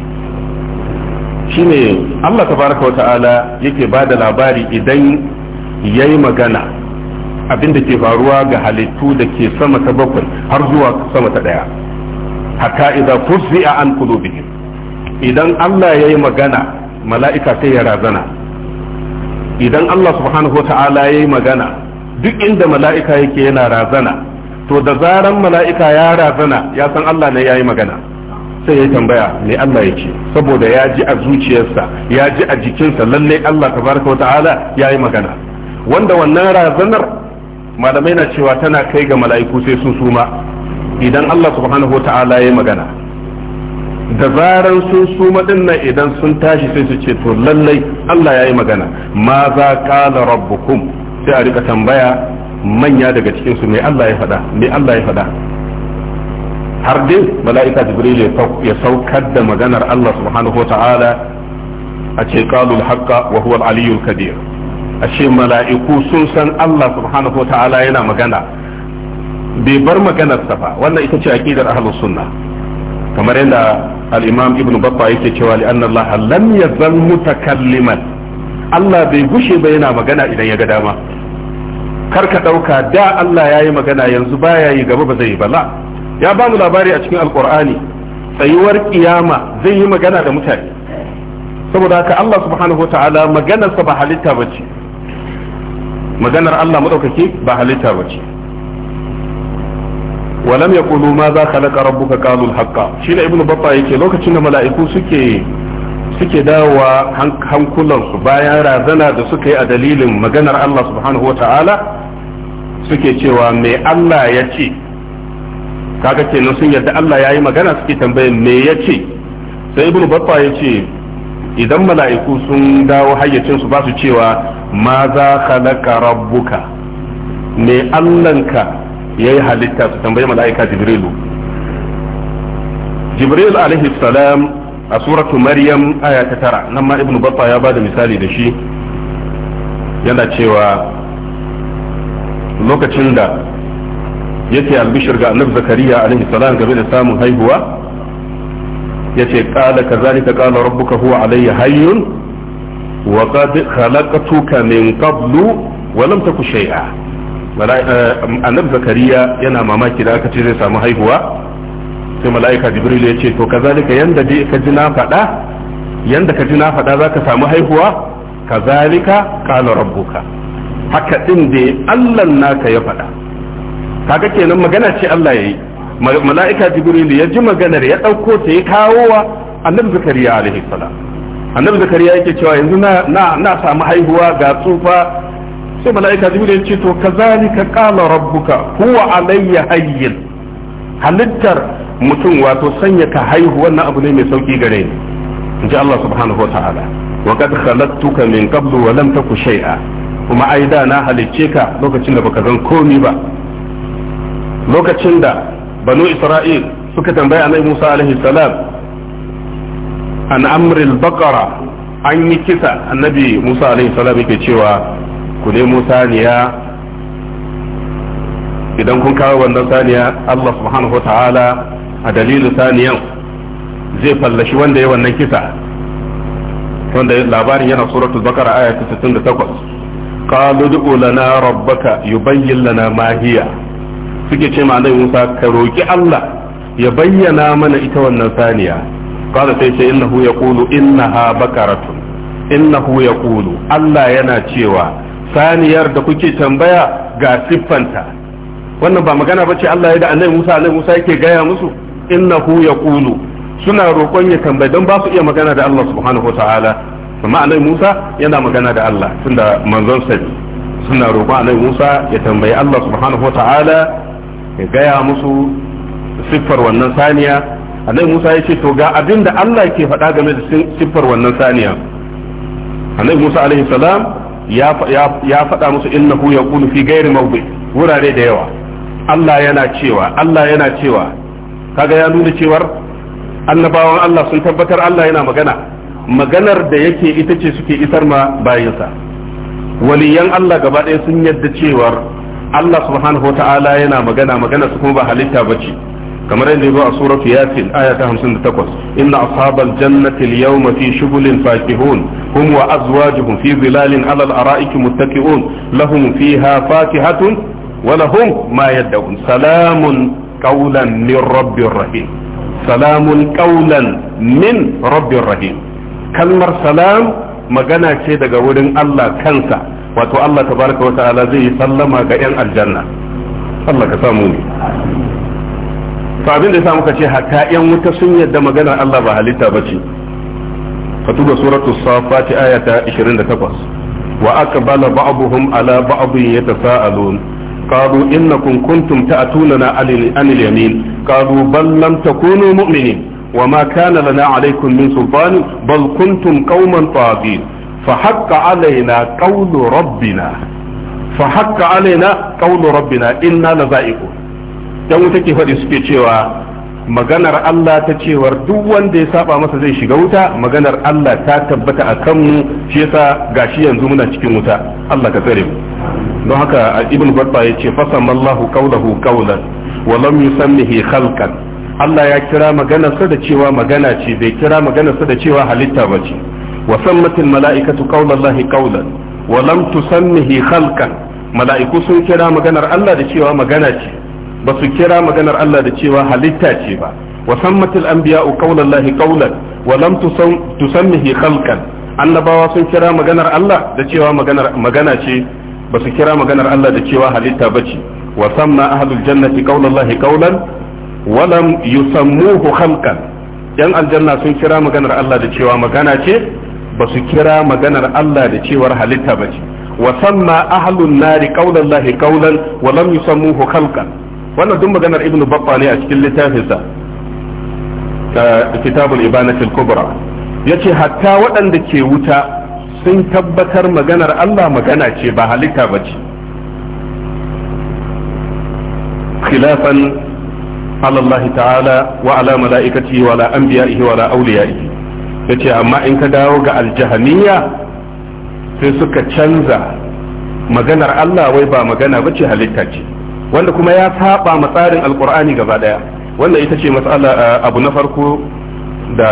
shine Allah tabaraka wata'ala yake ba da labari idan ya yi magana abin da ke faruwa ga halittu da ke sama ta bakwai har zuwa sama ta daya hatta idza a an bikin idan Allah ya yi magana mala'ika sai ya razana idan Allah subhanahu ta'ala ya yi magana duk inda mala'ika yake yana razana to da zaran mala'ika ya razana ya san Allah ne ya yi magana sai ya tambaya me Allah ya ce saboda ya ji a zuciyarsa ya ji a jikinsa lallai Allah ka wa ta'ala ya yi magana wanda wannan razanar malamai na cewa tana kai ga mala'iku sai sun suma idan Allah subhanahu ta'ala ya yi magana da zarar sun su na idan sun tashi sai su ce to lallai Allah ya yi magana ma za kala rabbukum sai a rika tambaya manya daga cikinsu mai Allah ya faɗa mai Allah ya faɗa har dai mala'ika jibril ya saukar da maganar Allah subhanahu wa ta'ala a ce qalul haqqa wa huwa al-aliyyul kabir ashe mala'iku sun san Allah subhanahu wa ta'ala yana magana bai bar maganar sa ba wannan ita ce aqidar ahlus sunna kamar yadda al-imam ibnu batta yake cewa li anna allah lam yazal mutakalliman allah bai gushe ba yana magana idan ya ga dama kar ka ɗauka da allah ya yi magana yanzu ya yi gaba ba zai yi bala ya ba mu labari a cikin al'kur'ani tsayuwar kiyama zai yi magana da mutane saboda haka allah subhanahu wa ta'ala maganarsa ba halitta bace maganar allah madaukaki ba halitta ce walam Kulu ma za khalaqa rabbuka qalu al-haqqa shine ibnu batta yake lokacin da mala'iku suke suke dawowa hankulansu bayan razana da suka yi a dalilin maganar Allah subhanahu wata'ala suke cewa me Allah ya ce kaga kenan sun yarda Allah ya yi magana suke tambaye me ya ce sai ibnu batta ya ce idan mala'iku sun dawo hayyacinsu ba su cewa ma za khalaqa rabbuka me Allahnka yayi halitta su tambayi mala'ika jibrilu jibril alaihi salam a suratu maryam aya ta tara nan ma ibnu baffa ya bada misali da shi yana cewa lokacin da yake albishir ga annabi zakariya alaihi salam game da samun haihuwa yace qala kazalika qala rabbuka huwa alayya hayyun wa qad khalaqtuka min qablu wa lam taku shay'a Eh, annabi zakariya yana mamaki da aka ce zai samu haihuwa sai mala'ika jibril ya ce to kazalika yanda ka ji na faɗa yanda ka ji na faɗa za ka samu haihuwa kazalika qala rabbuka haka din da Allah naka ya faɗa kaga kenan magana ce Allah yayi mala'ika jibril ya ji maganar ya ɗauko ta ya kawo wa annabi zakariya alaihi salam annabi zakariya yake cewa yanzu na na samu haihuwa ga tsufa sai mala'ika jibril ya ce to kazalika qala rabbuka huwa alayya hayyin halittar mutum wato sanya ka haihu wannan abu ne mai sauki gare ni in ji Allah subhanahu wa ta'ala wa qad khalaqtuka min qablu wa lam taku shay'a kuma ai da na halicce ka lokacin da baka zan komi ba lokacin da banu isra'il suka tambaye annabi Musa alaihi salam an amril baqara an yi kisa annabi Musa alaihi salam yake cewa ku nemo saniya idan kun kawo wannan saniya Allah subhanahu ta'ala a dalilin saniyan zai fallashi wanda ya wannan kisa wanda labarin yana suratul bakara aya ta 68 qalu du'u lana rabbaka yubayyin lana ma hiya suke ce ma Musa ka roki Allah ya bayyana mana ita wannan saniya qala sai ce innahu yaqulu innaha bakaratun innahu yaqulu Allah yana cewa saniyar da kuke tambaya ga siffanta wannan ba magana ba ce Allah ya da annabi Musa annabi Musa yake gaya musu innahu yaqulu suna roƙon ya tambaye don ba su iya magana da Allah subhanahu wataala amma annabi Musa yana magana da Allah tunda manzon sa suna roƙon annabi Musa ya tambayi Allah subhanahu wataala ya gaya musu siffar wannan saniya annabi Musa ya ce to ga abin da Allah ke faɗa game da siffar wannan saniya annabi Musa alaihi salam ya faɗa musu innahu ya kulu fi gairi mawdi wurare da yawa Allah yana cewa Allah yana cewa kaga ya nuna cewar annabawan Allah sun tabbatar Allah yana magana maganar da yake ita ce suke isar ma bayinsa waliyan Allah gaba ɗaya sun yadda cewar Allah subhanahu wa ta'ala yana magana magana su kuma ba halitta bace kamar yadda zo a suratu yasin aya ta 58 inna ashabal jannati al-yawma fi shughulin fakihun hum wa azwajuhum fi zilalin ala al-ara'iki muttaqi'un lahum fiha fakihatun wa lahum ma yad'un salamun qawlan min rabbir rahim salamun qawlan min rabbir rahim kalmar salam magana ce daga wurin Allah kansa wato Allah tabaraka wa ta'ala zai yi sallama ga 'yan aljanna Allah ka samu ne to abin da yasa muka ce haka yan wuta sun yarda magana Allah ba halitta ba ce ka tuba suratu safati ayata 28 wa aqbala ba'dhum ala ba'dhin yatasaalun qalu innakum kuntum ta'tunana 'anil yamin qalu bal lam takunu mu'minin وما كان لنا عليكم من سلطان بل كنتم قوما طاغين فحق علينا قول ربنا فحق علينا قول ربنا إنا لذائقون dan wuta ke faɗi suke cewa maganar Allah ta cewar duk wanda ya saba masa zai shiga wuta maganar Allah ta tabbata a kanmu shi yasa gashi yanzu muna cikin wuta Allah ka tsare mu don haka ibn batta ya ce fasama Allah qawlahu qawlan wa lam yusammihi khalqan Allah ya kira maganar sa da cewa magana ce bai kira maganar sa da cewa halitta ba ce wa sammatil mala'ikatu qawlallahi qawlan wa lam tusammihi khalqan mala'iku sun kira maganar Allah da cewa magana ce ba su kira maganar Allah da cewa halitta ce ba wa sammatil anbiya'u qaulallahi qaulan wa lam tusammihi khalqan annabawa sun kira maganar Allah da cewa maganar magana ce ba su kira maganar Allah da cewa halitta bace wa samma ahlul jannati qaulallahi qaulan wa lam yusammuhu khalqan yan aljanna sun kira maganar Allah da cewa magana ce ba su kira maganar Allah da cewar halitta bace wa samma ahlun nari qaulallahi qaulan wa lam yusammuhu khalqan wannan duk maganar ibn babba ne a cikin littafinsa kitabul ibanatul kubra yace hatta waɗanda ke wuta sun tabbatar maganar Allah magana ce ba halitta ba ce khilafan ala Allah ta'ala wa ala mala'ikati wa ala anbiya'ihi wa ala awliya'ihi yace amma in ka dawo ga aljahaniya sai suka canza maganar Allah wai ba magana ba ce halitta ce wanda kuma ya saba ma tsarin alqur'ani gaba daya wannan ita ce matsala eh, abu na farko da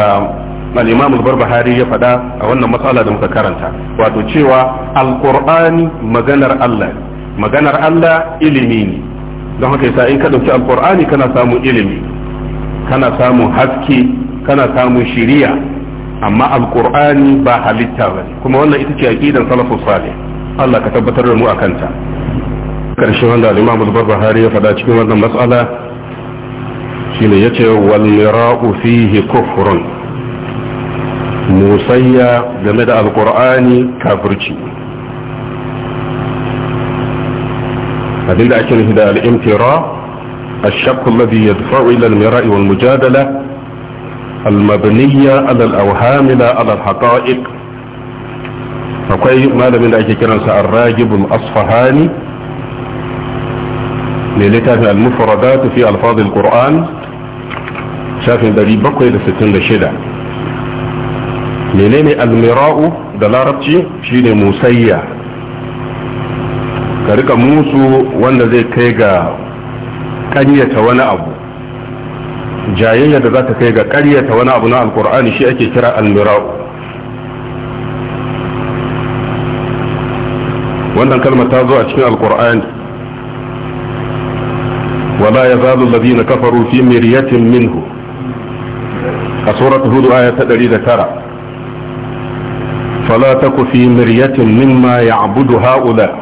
al-imam al-barbahari ya faɗa a wannan matsala da muka karanta wato cewa alkur'ani maganar Allah maganar Allah ilimi ne don haka yasa in ka dauki alkur'ani kana samun ilimi kana samun haske kana samun shiriya amma al'ƙur'ani ba halitta bane kuma wannan ita ce aqidan salafus salih Allah ka tabbatar da mu akan ta karshe wanda al-imam al-barbahari ya faɗa cikin wannan matsala shine yace wal mira'u fihi kufrun musayya game da alqur'ani kafirci abinda ake nufi da al-imtira الشق الذي يدفع إلى المراء والمجادلة المبنية على الأوهام لا على الحقائق فكي ما لم يكن الراجب الأصفهاني mai littafin al-mufradat fi alfaz al-qur'an shafin 766 menene al-mira'u da larabci shine musayya ka rika musu wanda zai kai ga kanyata wani abu jayayya da za ta kai ga karyata wani abu na alkur'ani shi ake kira almira'u wannan kalmar ta zo a cikin alkur'ani ولا يزال الذين كفروا في مرية منه سورة هود آية تدريد ترى فلا تك في مرية مما يعبد هؤلاء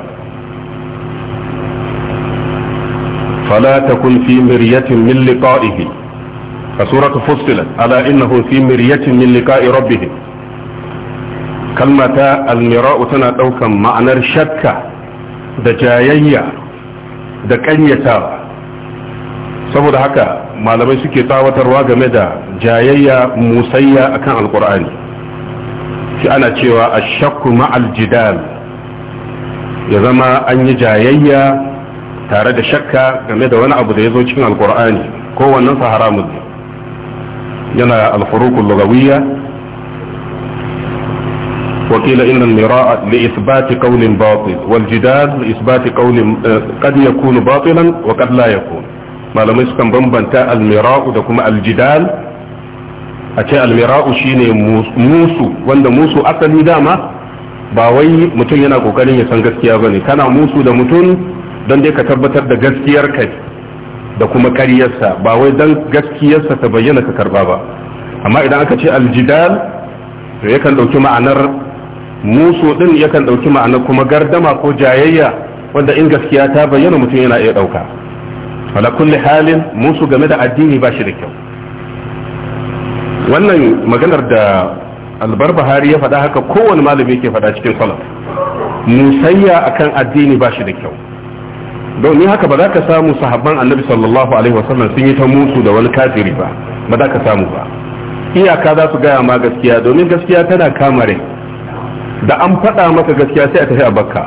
فلا تكن في مرية من لقائه فسورة فصلت ألا إنه في مرية من لقاء ربه كلمة المراء تنا ɗaukan ma'anar shakka da jayayya saboda haka malamai suke tawatarwa game da jayayya musayya akan alkur'ani shi ana cewa a shakku ma'al jidal ya zama an yi jayayya tare da shakka game da wani abu da ya zo cikin alkur'ani wannan sa haramun yana alfurukul lugawiyya وقيل إن المراء لإثبات قول باطل والجدال لإثبات قول قد يكون باطلا وقد لا يكون malamai sukan bambanta almira'u da kuma aljidal a ce almira'u shine musu wanda musu asali dama ba wai mutum yana kokarin ya san gaskiya bane kana musu da mutum don dai ka tabbatar da gaskiyar kai da kuma karyarsa ba wai don gaskiyarsa ta bayyana ka karba ba amma idan aka ce aljidal to yakan dauki ma'anar musu din yakan ɗauki ma'anar kuma gardama ko jayayya wanda in gaskiya ta bayyana mutum yana iya ɗauka. ala kulli halin musu game da addini ba shi da kyau wannan maganar da albar bahari ya faɗa haka kowane malami yake faɗa cikin salat musayya akan addini ba shi da kyau domin haka ba za ka samu sahabban annabi sallallahu alaihi wasallam sun yi ta musu da wani kafiri ba ba za ka samu ba iyaka za su gaya ma gaskiya domin gaskiya tana kama da an faɗa maka gaskiya sai a tafi a bakka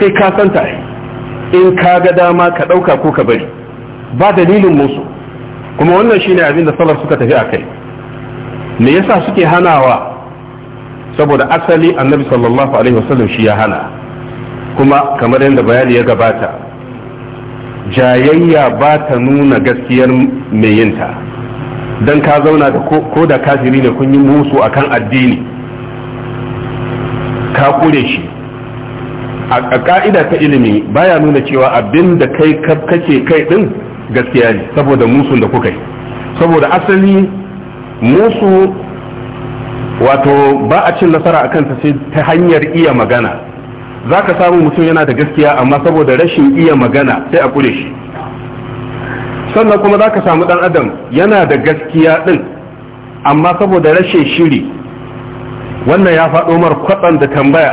kai ka santa ai in ka ga dama ka ɗauka ko ka bari ba dalilin musu kuma wannan shine abin da salaf suka tafi akai me yasa suke hanawa saboda asali annabi sallallahu alaihi wasallam shi ya hana kuma kamar yadda bayani ya gabata jayayya ba ta nuna gaskiyar mai yinta don ka zauna da ko da kafiri ne kun yi musu akan addini ka kure shi a ka'ida ta ilimi baya nuna cewa abin da kai kake kai din gaskiya ne saboda musun da kuka yi saboda asali musu wato ba a cin nasara a kanta sai ta hanyar iya magana za ka samu mutum yana da gaskiya amma saboda rashin iya magana sai a kure shi sannan kuma za ka samu dan adam yana da gaskiya din amma saboda rashin shiri wannan ya faɗo mar kwatsan da tambaya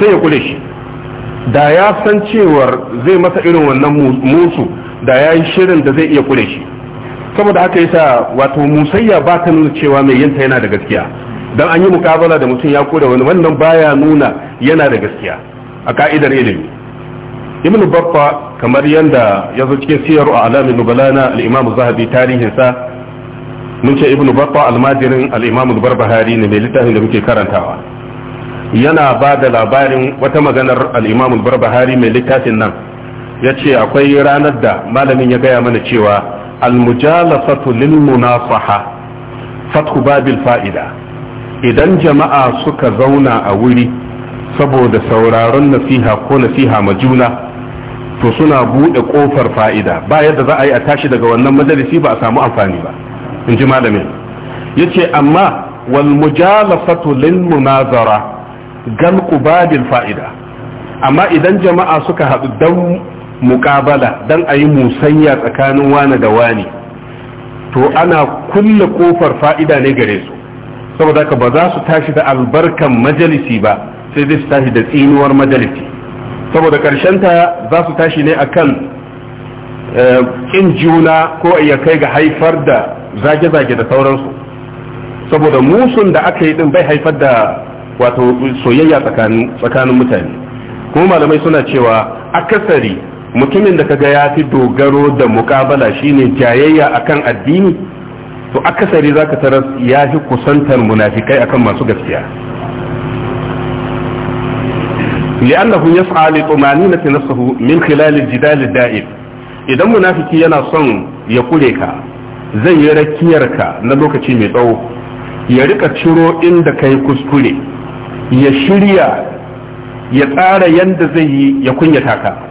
sai ya kure shi da ya san cewar zai masa irin wannan musu da ya yi shirin da zai iya kure shi saboda haka sa wato musayya ba ta nuna cewa mai yinta yana da gaskiya dan an yi mukabala da mutum ya kure wani wannan baya nuna yana da gaskiya a ka'idar ilimi ibn babba kamar yadda ya zo cikin siyar a alamin nubala na al-imam zahabi tarihinsa mun ce ibn babba almajirin al-imam al ne mai littafin da muke karantawa yana ba da labarin wata maganar al-imam al mai littafin nan ya ce akwai ranar da malamin ya gaya mana cewa almujalasatu lil munafaha fathu babil fa'ida idan jama'a suka zauna a wuri saboda sauraron nasiha ko nasiha ma juna to suna buɗe ƙofar fa'ida ba yadda za a yi a tashi daga wannan majalisi ba a samu amfani ba in ji malamin ya ce amma wal mujalasatu lil munazara gal babil fa'ida amma idan jama'a suka haɗu don muƙabala don a yi musanya tsakanin wani da wani to ana kulle kofar fa'ida ne gare su saboda haka ba za su tashi da albarkan majalisi ba sai dai su tashi da tsinuwar majalisi saboda ta za su tashi ne akan kan eh, juna ko ya kai ga haifar da zage-zage da sauransu saboda musun da aka yi din bai haifar da wato soyayya tsakanin mutane kuma malamai suna cewa akasari mutumin da kaga ya fi dogaro da mukabala shine jayayya akan addini to akasari zaka taras ya fi kusantar munafikai akan masu gaskiya لأنه يسعى لطمأنينة نفسه من خلال الجدال الدائم idan munafiki yana son ya kure ka zai yi rakiyarka na lokaci mai tsawo ya rika ciro inda kai kuskure ya shirya ya tsara yadda zai yi ya kunyata ka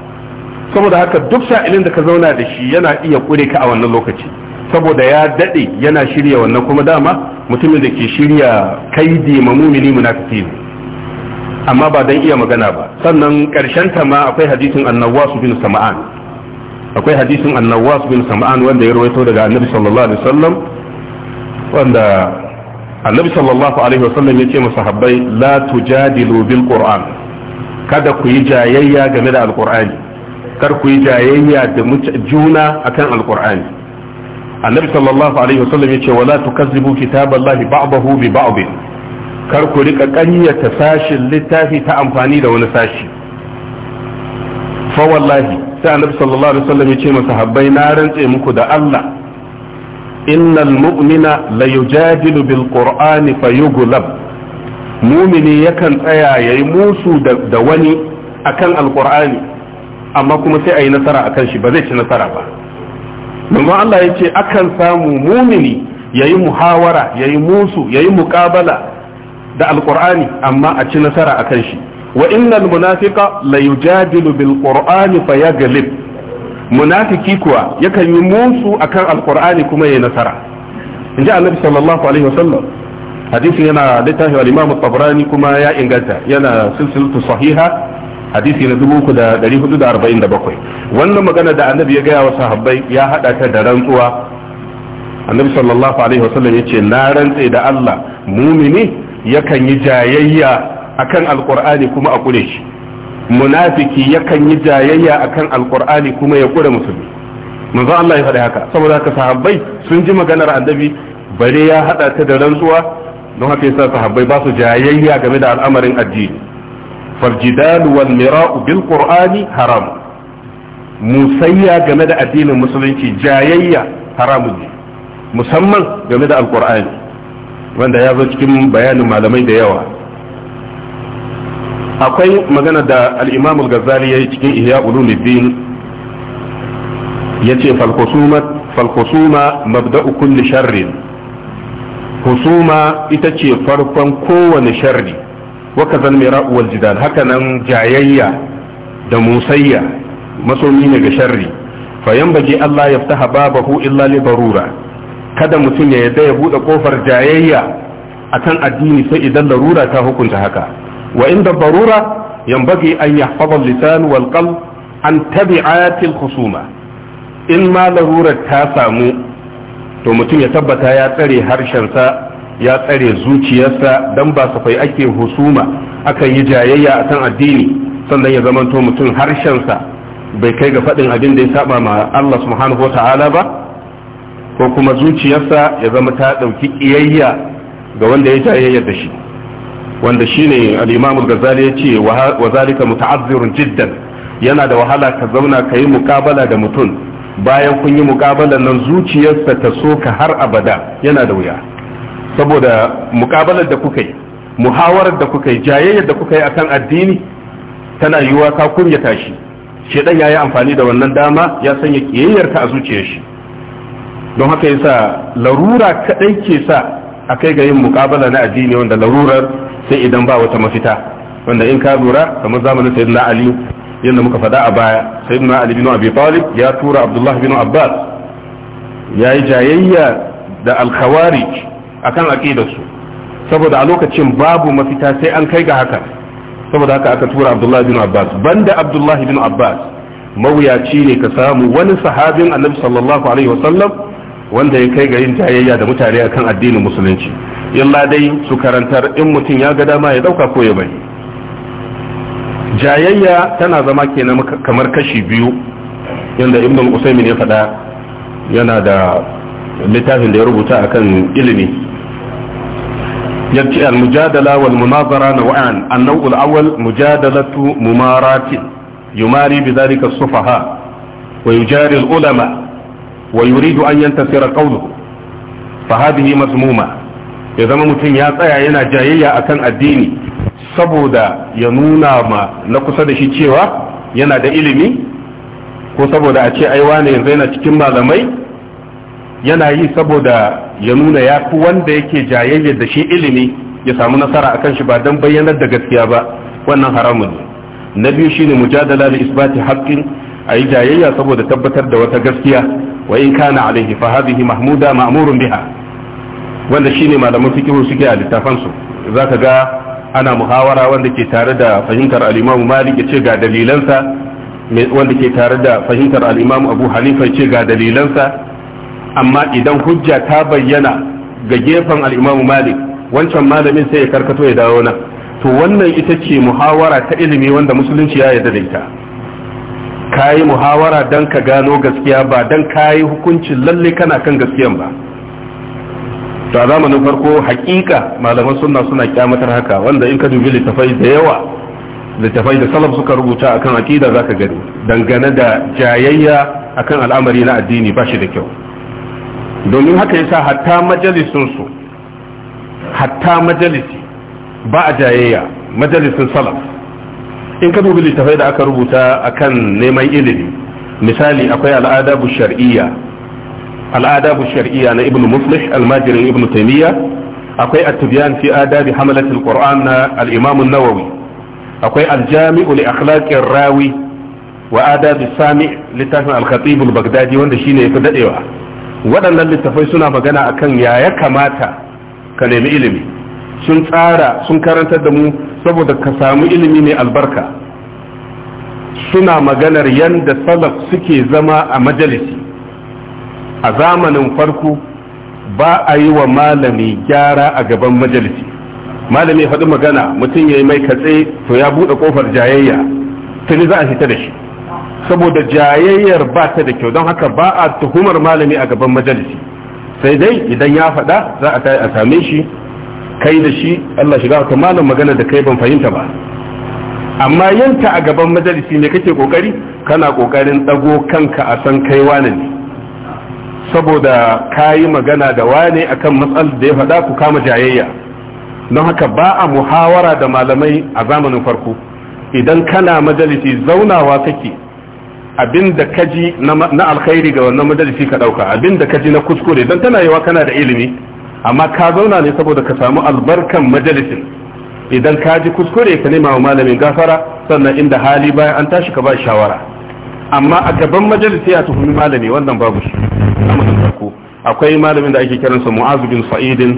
saboda haka duk sha'ilin da ka zauna da shi yana iya kure ka a wannan lokaci saboda ya daɗe yana shirya wannan kuma dama mutumin da ke shirya kai ma mamumini munafiki ne amma ba dan iya magana ba sannan ƙarshen ta ma akwai hadisin annawas bin sama'an akwai hadisin annawas bin sama'an wanda ya rawaito daga annabi sallallahu alaihi wasallam wanda annabi sallallahu alaihi wasallam ma masahabbai la tujadilu bil qur'an kada ku yi jayayya game da alqur'ani kar ku yi jayayya da juna akan alqur'ani annabi sallallahu alaihi wasallam yace wala tukazzibu kitaballahi ba'dahu bi ba'd kar ku rika kanyata sashin littafi ta amfani da wani sashi fa wallahi sai annabi sallallahu alaihi wasallam yace masahabbai na rantse muku da Allah innal mu'mina la yujadilu bil qur'ani fayughlab mumini yakan tsaya yayi musu da wani akan alqur'ani amma kuma sai a yi nasara a kan shi ba zai ci nasara ba domin Allah ya ce akan samu mumini ya yi muhawara ya yi musu ya yi muƙabala da alƙur'ani amma a ci nasara a kan shi wa innal munafiqa la yujadilu bil qur'ani fa yaglib munafiki kuwa yakan yi musu akan alqur'ani kuma yayi nasara inji annabi sallallahu alaihi wasallam hadisi yana littafin al-imam tabrani kuma ya inganta yana silsilatu sahiha hadisi na bakwai, wannan magana da annabi ya gaya wa sahabbai ya haɗa ta da rantsuwa annabi sallallahu alaihi wasallam ya ce na rantse da Allah mumini yakan yi jayayya akan alqur'ani kuma a kure shi munafiki yakan yi jayayya akan alqur'ani kuma ya kure musulmi manzo Allah ya faɗi haka saboda haka sahabbai sun ji maganar annabi bare ya haɗa ta da rantsuwa don haka yasa sahabbai ba su jayayya game da al'amarin addini فالجدال والمراء بالقرآن حرام musayya game da addinin musulunci jayayya haramun ne musamman game da alkur'ani wanda ya zo cikin bayanin malamai da yawa akwai magana da al'imam al-ghazali ya yi cikin ihya ulumuddin ya ce falkusuma mabda'u kulli sharrin husuma ita ce farkon kowane sharri waka zan mai ra'uwar jidal hakanan jayayya da musayya masomi ne ga sharri fayan baje Allah ya fita babahu illa li barura kada mutum ya yadda ya bude kofar jayayya akan addini sai idan larura ta hukunta haka wa inda barura yanbaghi an yahfaza lisan walƙal an tabi al khusuma in ma larurar ta samu to mutum ya tabbata ya tsare harshensa ya tsare zuciyarsa dan ba fai ake husuma akan yi jayayya kan addini sannan ya zamanto mutum harshensa bai kai ga faɗin abin da ya saba ma Allah subhanahu wa ta'ala ba ko kuma zuciyarsa ya zama ta ɗauki ƙiyayya ga wanda ya jayayya da shi wanda shine al-Imam al-Ghazali ya ce wa zalika muta'azzirun jiddan yana da wahala ka zauna ka yi muƙabala da mutum bayan kun yi muƙabalan nan zuciyarsa ta soka har abada yana da wuya saboda mukabalar da kuka yi muhawarar da kuka yi jayayyar da kuka yi akan addini tana yiwuwa ka kunyata shi shedan yi amfani da wannan dama ya sanya kiyayyarka a zuciyar shi don haka yasa larura kadai ke sa akai ga yin mukabala na addini wanda larurar sai idan ba wata mafita wanda in ka lura kamar zamanin sayyidina ali yadda muka faɗa a baya sayyidina ali bin abi talib ya tura abdullahi bin abbas yi jayayya da al akan su saboda a lokacin babu mafita sai an kai ga haka saboda haka aka tura Abdullah bin Abbas banda Abdullah bin Abbas mawuyaci ne ka samu wani sahabin Annabi sallallahu alaihi wasallam wanda ya kai ga yin tayayya da mutane akan addinin musulunci yalla dai su karantar in mutum ya ga dama ya dauka ko ya bari jayayya tana zama kenan kamar kashi biyu yanda ibn ya faɗa yana da littafin da ya rubuta akan ilimi yace al-mujadala wal munazara naw'an an-naw' al-awwal mujadalatu mumaratin yumari bi dhalika as-sufaha wa yujari al-ulama wa yuridu an yantasira qawluhu fa hadhihi mazmuma ya zama mutum ya tsaya yana jayayya a kan addini saboda ya nuna ma na kusa da shi cewa yana da ilimi ko saboda a ce aiwa ne yanzu yana cikin malamai yana yi saboda ya nuna ya fi wanda yake jayayya da shi ilimi ya samu nasara akan shi ba don bayyanar da gaskiya ba wannan haramun na biyu shine mujadala da isbati haqqin ayi jayayya saboda tabbatar da wata gaskiya wa in kana alaihi fa hadhihi mahmuda ma'murun biha wanda shine malaman fikihu suke a littafan su zaka ga ana muhawara wanda ke tare da fahimtar al-Imam Malik ce ga dalilansa wanda ke tare da fahimtar al-Imam Abu Hanifa ce ga dalilansa amma idan hujja ta bayyana ga gefen al'imamu malik wancan malamin sai ya karkato ya dawo nan to wannan ita ce muhawara ta ilimi wanda musulunci ya yarda da ita ka yi muhawara don ka gano gaskiya ba don ka yi hukuncin lalle kana kan gaskiyan ba to a zamanin farko hakika malaman sunna suna kyamatar haka wanda in ka dubi littafai da yawa littafai da salaf suka rubuta akan akida zaka gani dangane da jayayya akan al'amari na addini ba shi da kyau domin haka yasa hatta majalisinsu hatta majalisi ba a jayayya majalisin salaf in ka dubi littafai da aka rubuta akan neman ilimi misali akwai al'adabu shar'iyya bu shar'iyya na ibnu muflih almajirin ibnu taymiya akwai at-tibyan fi adabi hamalat al-qur'an na al-imam an-nawawi akwai al-jami'u li rawi wa adabi sami littafin al-khatib al-baghdadi wanda shine fi dadewa waɗannan littafai suna magana akan ya ya kamata ka nemi ilimi sun tsara sun karantar da mu saboda ka samu ilimi mai albarka suna maganar yadda salaf suke zama a majalisi a zamanin farko ba a yi wa malami gyara a gaban majalisi malami faɗi magana mutum ya yi mai katse to ya buɗe ƙofar jayayya tuni za a fita da shi saboda jayayyar ba ta da kyau don haka ba a tuhumar malami a gaban majalisi sai dai idan ya faɗa za a same shi kai da shi Allah shiga ka malam magana da kai ban fahimta ba amma yanta a gaban majalisi ne kake kokari kana kokarin dago kanka a san kai wane ne saboda kayi magana da wane akan matsalar da ya faɗa ku kama jayayya don haka ba a muhawara da malamai a zamanin farko idan kana majalisi zaunawa kake abinda kaji na alkhairi ga wannan majalisi ka dauka abinda kaji na kuskure dan tana yawa kana da ilimi amma ka zauna ne saboda ka samu albarkan majalisin idan ka ji kuskure ka nema wa malamin gafara sannan inda hali bayan an tashi ka ba shawara amma a gaban majalisi ya tuhumi malami wannan babu shi akwai malamin da ake kiransa mu'azu bin sa'idin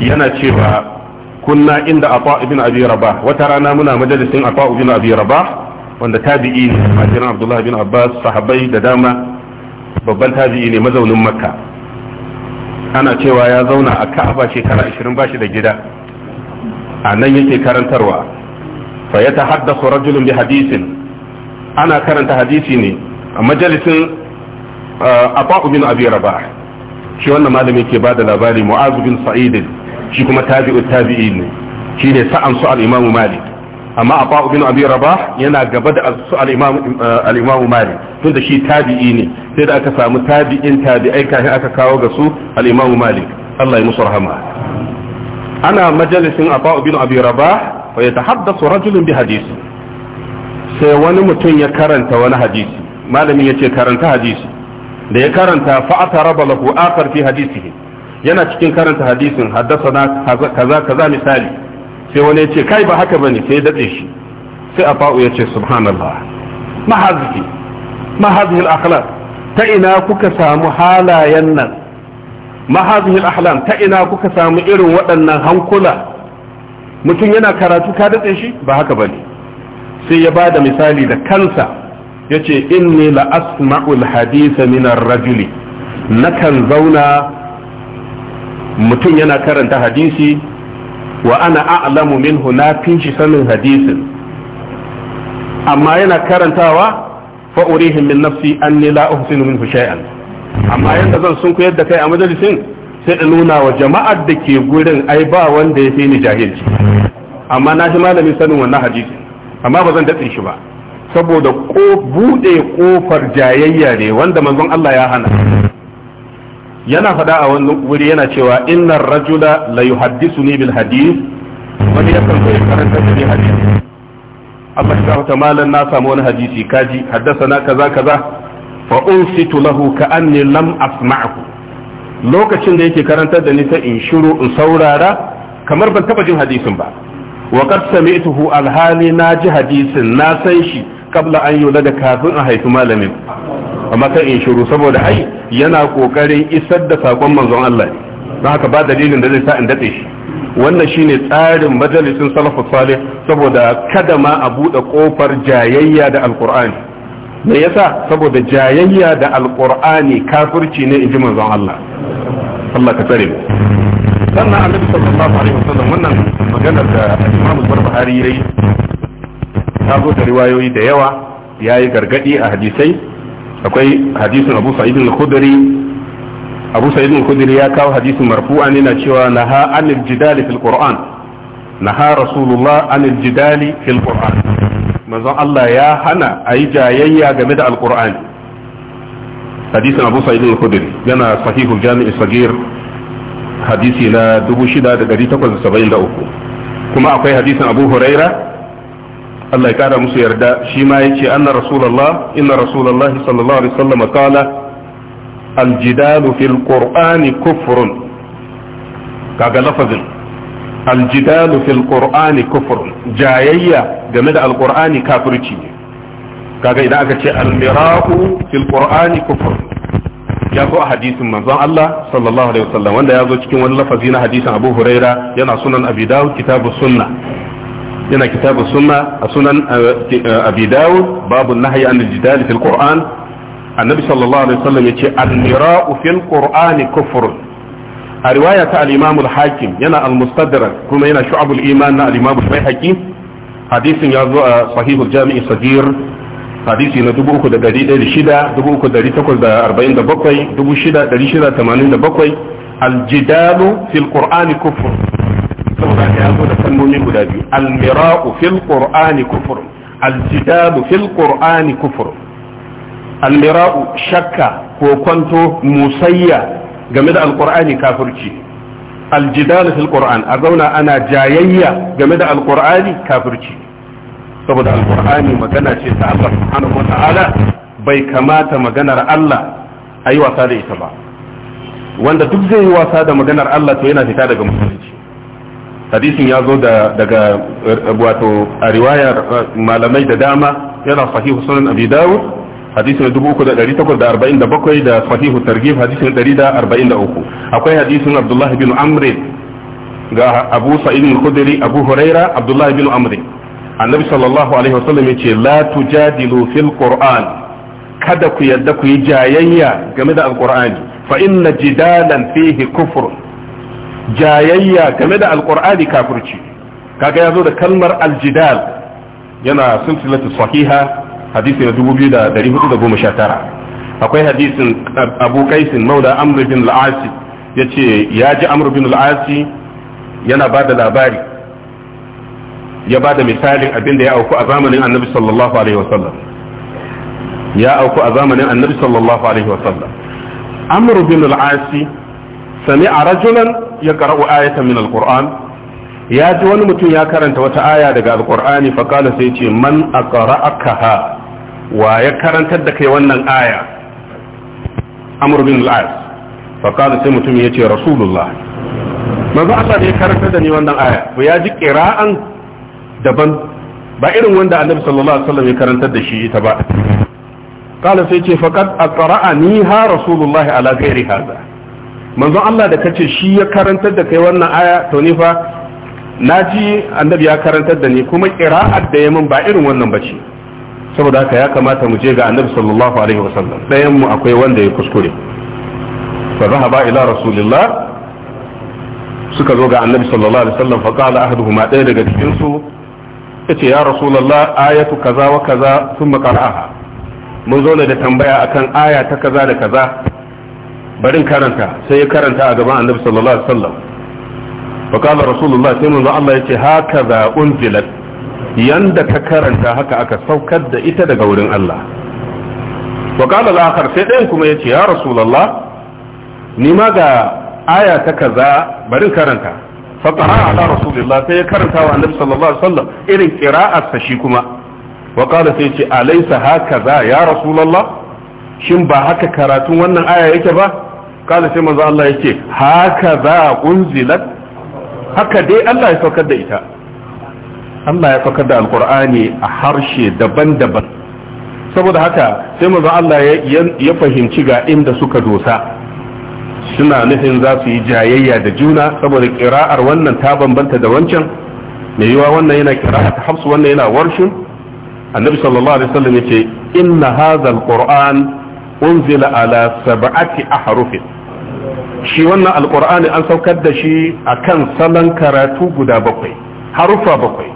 yana cewa kunna inda afa ibn abi rabah wata rana muna majalisin afa ibn abi rabah wanda tabi'i ne majiran abdullah bin abbas sahabbai da dama babban tabi'i ne mazaunin makka ana cewa ya zauna a ka'aba shekara 20 bashi da gida a nan yake karantarwa fa ya tahaddathu rajulun bi hadisin ana karanta hadisi ne a majalisin uh, abu bin abi rabah shi wannan malami ke bada labari mu'az bin sa'id shi kuma tabi'u tabi'i ne ne sa'an su al-imamu malik amma a afa bin abi rabah yana gaba da su al-imam eh, al-imam malik shi tabi'i ne sai da aka samu tabi'in tabi'ai kafin aka kawo ga su al-imam malik Allah ya musu rahama ana majalisin afa ibn abi rabah haddasa yatahaddathu rajulun bi hadisi sai wani mutum ya karanta wani hadisi malamin ya ce karanta hadisi da ya karanta fa raba lahu akhar fi hadisi yana cikin karanta hadisin haddasa kaza kaza misali sai wani ya ce kai ba haka bane sai daɗe shi sai a fa'u ya ce subhanallah mahazifi mahazihil akhlaq ta ina kuka samu halayen nan mahazihil ahlam ta ina kuka samu irin waɗannan hankula mutum yana karatu ka daɗe shi ba haka bane sai ya ba da misali da kansa ya ce inni la asma'ul hadisa minar rajuli nakan zauna mutum yana karanta hadisi wa ana a'lamu minhu na fi sanin hadisin amma yana karantawa fa urihim min nafsi anni la uhsinu minhu shay'an amma yanda zan sun koyar da kai a majalisin sai da nuna wa jama'ar da ke gurin ai ba wanda ya fi ni jahilci amma na shi malami sanin wannan hadisi amma ba zan datse shi ba saboda ko bude kofar jayayya ne wanda manzon Allah ya hana yana faɗa a wani wuri yana cewa inna rajula la ni bil hadith wani yakan zo karanta da ni hadisi Allah ya kawo malan na samu wani hadisi kaji haddasana kaza kaza fa unsitu lahu ka anni lam lokacin da yake karantar da ni ta in shiru in saurara kamar ban taba jin hadisin ba wa qad sami'tuhu alhali na ji hadisin na san shi qabla an yulada kafin a haifi malamin A matan in shiru saboda ai yana kokarin isar da sakon manzon Allah ne don haka ba dalilin da zai sa in dade shi wannan shine tsarin majalisin salafus salih saboda kada ma a buɗe kofar jayayya da alqur'ani me yasa saboda jayayya da alqur'ani kafirci ne inji manzon Allah Allah ka tsare mu sannan annabi sallallahu alaihi wasallam wannan maganar da Imam al bukhari yayi ta zo da riwayoyi da yawa yayi gargadi a hadisai akwai hadisin abu sa'id al-khudri abu sa'id al-khudri ya kawo hadisin marfu'an yana cewa naha anil jidali fil qur'an naha rasulullah anil jidali fil qur'an manzon Allah ya hana ayi jayayya game da al-qur'ani hadisin abu sa'id al-khudri yana sahihul jami' as-saghir hadisi na 6873 kuma akwai hadisin abu huraira Allah ya kara musu yarda shi ma yace anna rasulullah inna rasulullah sallallahu alaihi wasallam qala aljidalu fil qur'ani kufrun kaga lafazin aljidalu fil qur'ani jayayya game da alkur'ani kafirci kaga idan aka ce almiraqu fil qur'ani ya zo a hadisin manzon Allah sallallahu alaihi wasallam wanda ya zo cikin wani lafazi na hadisin Abu Huraira yana sunan Abi Dawud kitabu sunna yana kitabu sunna a sunan uh, uh, abi dawud babu nahyi an jidal fil qur'an annabi sallallahu alaihi wasallam yace al-mira'u fil qur'an kufrun a riwaya ta al-imam al-hakim yana al-mustadrak kuma yana shu'abul iman na al-imam al-baihaqi hadisin ya zo a sahihul jami'i sagir hadisi na 3,600 3,847 6,687 aljidalu fil qur'ani kufur saboda ya zo da kalmomi guda biyu almira'u fil qur'ani kufur aljidalu fil qur'ani kufur almira'u shakka ko kwanto musayya game da alqur'ani kafirci aljidalu fil qur'an a zauna ana jayayya game da alqur'ani kafirci saboda alqur'ani magana ce ta Allah subhanahu wa ta'ala bai kamata maganar Allah a yi wasa da ita ba wanda duk zai yi wasa da maganar Allah to yana fita daga musulunci hadisin ya zo daga wato a riwayar uh, malamai da dama yana sahihu sunan abi dawud hadisin 3847 da sahihu targhib hadisin 143 akwai hadisin abdullahi bin amr ga abu sa'id al-khudri abu huraira abdullahi bin amr annabi sallallahu alaihi wasallam yace la tujadilu fil qur'an kada ku yadda ku yi jayayya game da alqur'ani fa inna jidalan fihi kufrun jayayya game da alqur'ani kafirci kaga ya zo da kalmar aljidal yana silsilatu sahiha hadisi na 2419 akwai hadisin abu kaisin maula amr bin al ya ce ya ji amr bin al yana ba da labari ya bada misalin abin da ya auku a zamanin annabi sallallahu alaihi wasallam ya auku a zamanin annabi sallallahu alaihi wasallam amr bin al sami'a rajulan ya karɓi ayatan min alquran ya ji wani mutum ya karanta wata aya daga alqur'ani fa qala sai ce man aqra'akaha wa ya karantar da kai wannan aya amr bin al-as fa qala sai mutum ya ce rasulullah manzo Allah ne ya karantar da ni wannan aya ba ya ji qira'an daban ba irin wanda annabi sallallahu alaihi wasallam ya karantar da shi ita ba قال سيتي فقد أقرأنيها ha الله ala غير هذا manzo Allah da kace shi ya karantar da kai wannan aya to ni fa naji annabi ya karantar da ni kuma qira'at da yamin ba irin wannan bace saboda haka ya kamata mu je ga annabi sallallahu alaihi wasallam dayan mu akwai wanda ya kuskure fa zahaba ila rasulillah suka zo ga annabi sallallahu alaihi wasallam fa qala ahaduhuma ɗaya daga cikin su yace ya rasulullah ayatu kaza wa kaza thumma qara'aha mun zo da tambaya akan aya ta kaza da kaza barin karanta sai ya karanta a gaban annabi sallallahu alaihi wasallam fa qala rasulullah sai manzo Allah yace haka za unzilat yanda ka karanta haka aka saukar da ita daga wurin Allah wa qala al-akhar sai ɗayan kuma yace ya rasulullah ni ma ga aya ta kaza barin karanta fa qara ala rasulillah sai ya karanta wa annabi sallallahu alaihi wasallam irin qira'ar sa shi kuma wa qala sai yace alaysa za ya rasulullah shin ba haka karatun wannan aya yake ba kada sai manzo Allah yake haka za unzilat haka dai Allah ya saukar da ita Allah ya saukar da alqur'ani a harshe daban-daban saboda haka sai manzo Allah ya fahimci ga inda suka dosa suna nufin za su yi jayayya da juna saboda kira'ar wannan ta bambanta da wancan mai yiwa wannan yana kira'ar hafsu wannan yana warshin annabi sallallahu alaihi wasallam yace inna hadha alqur'an unzila ala sab'ati ahrufin shi wannan alqur'ani an saukar da shi akan salon karatu guda bakwai harufa bakwai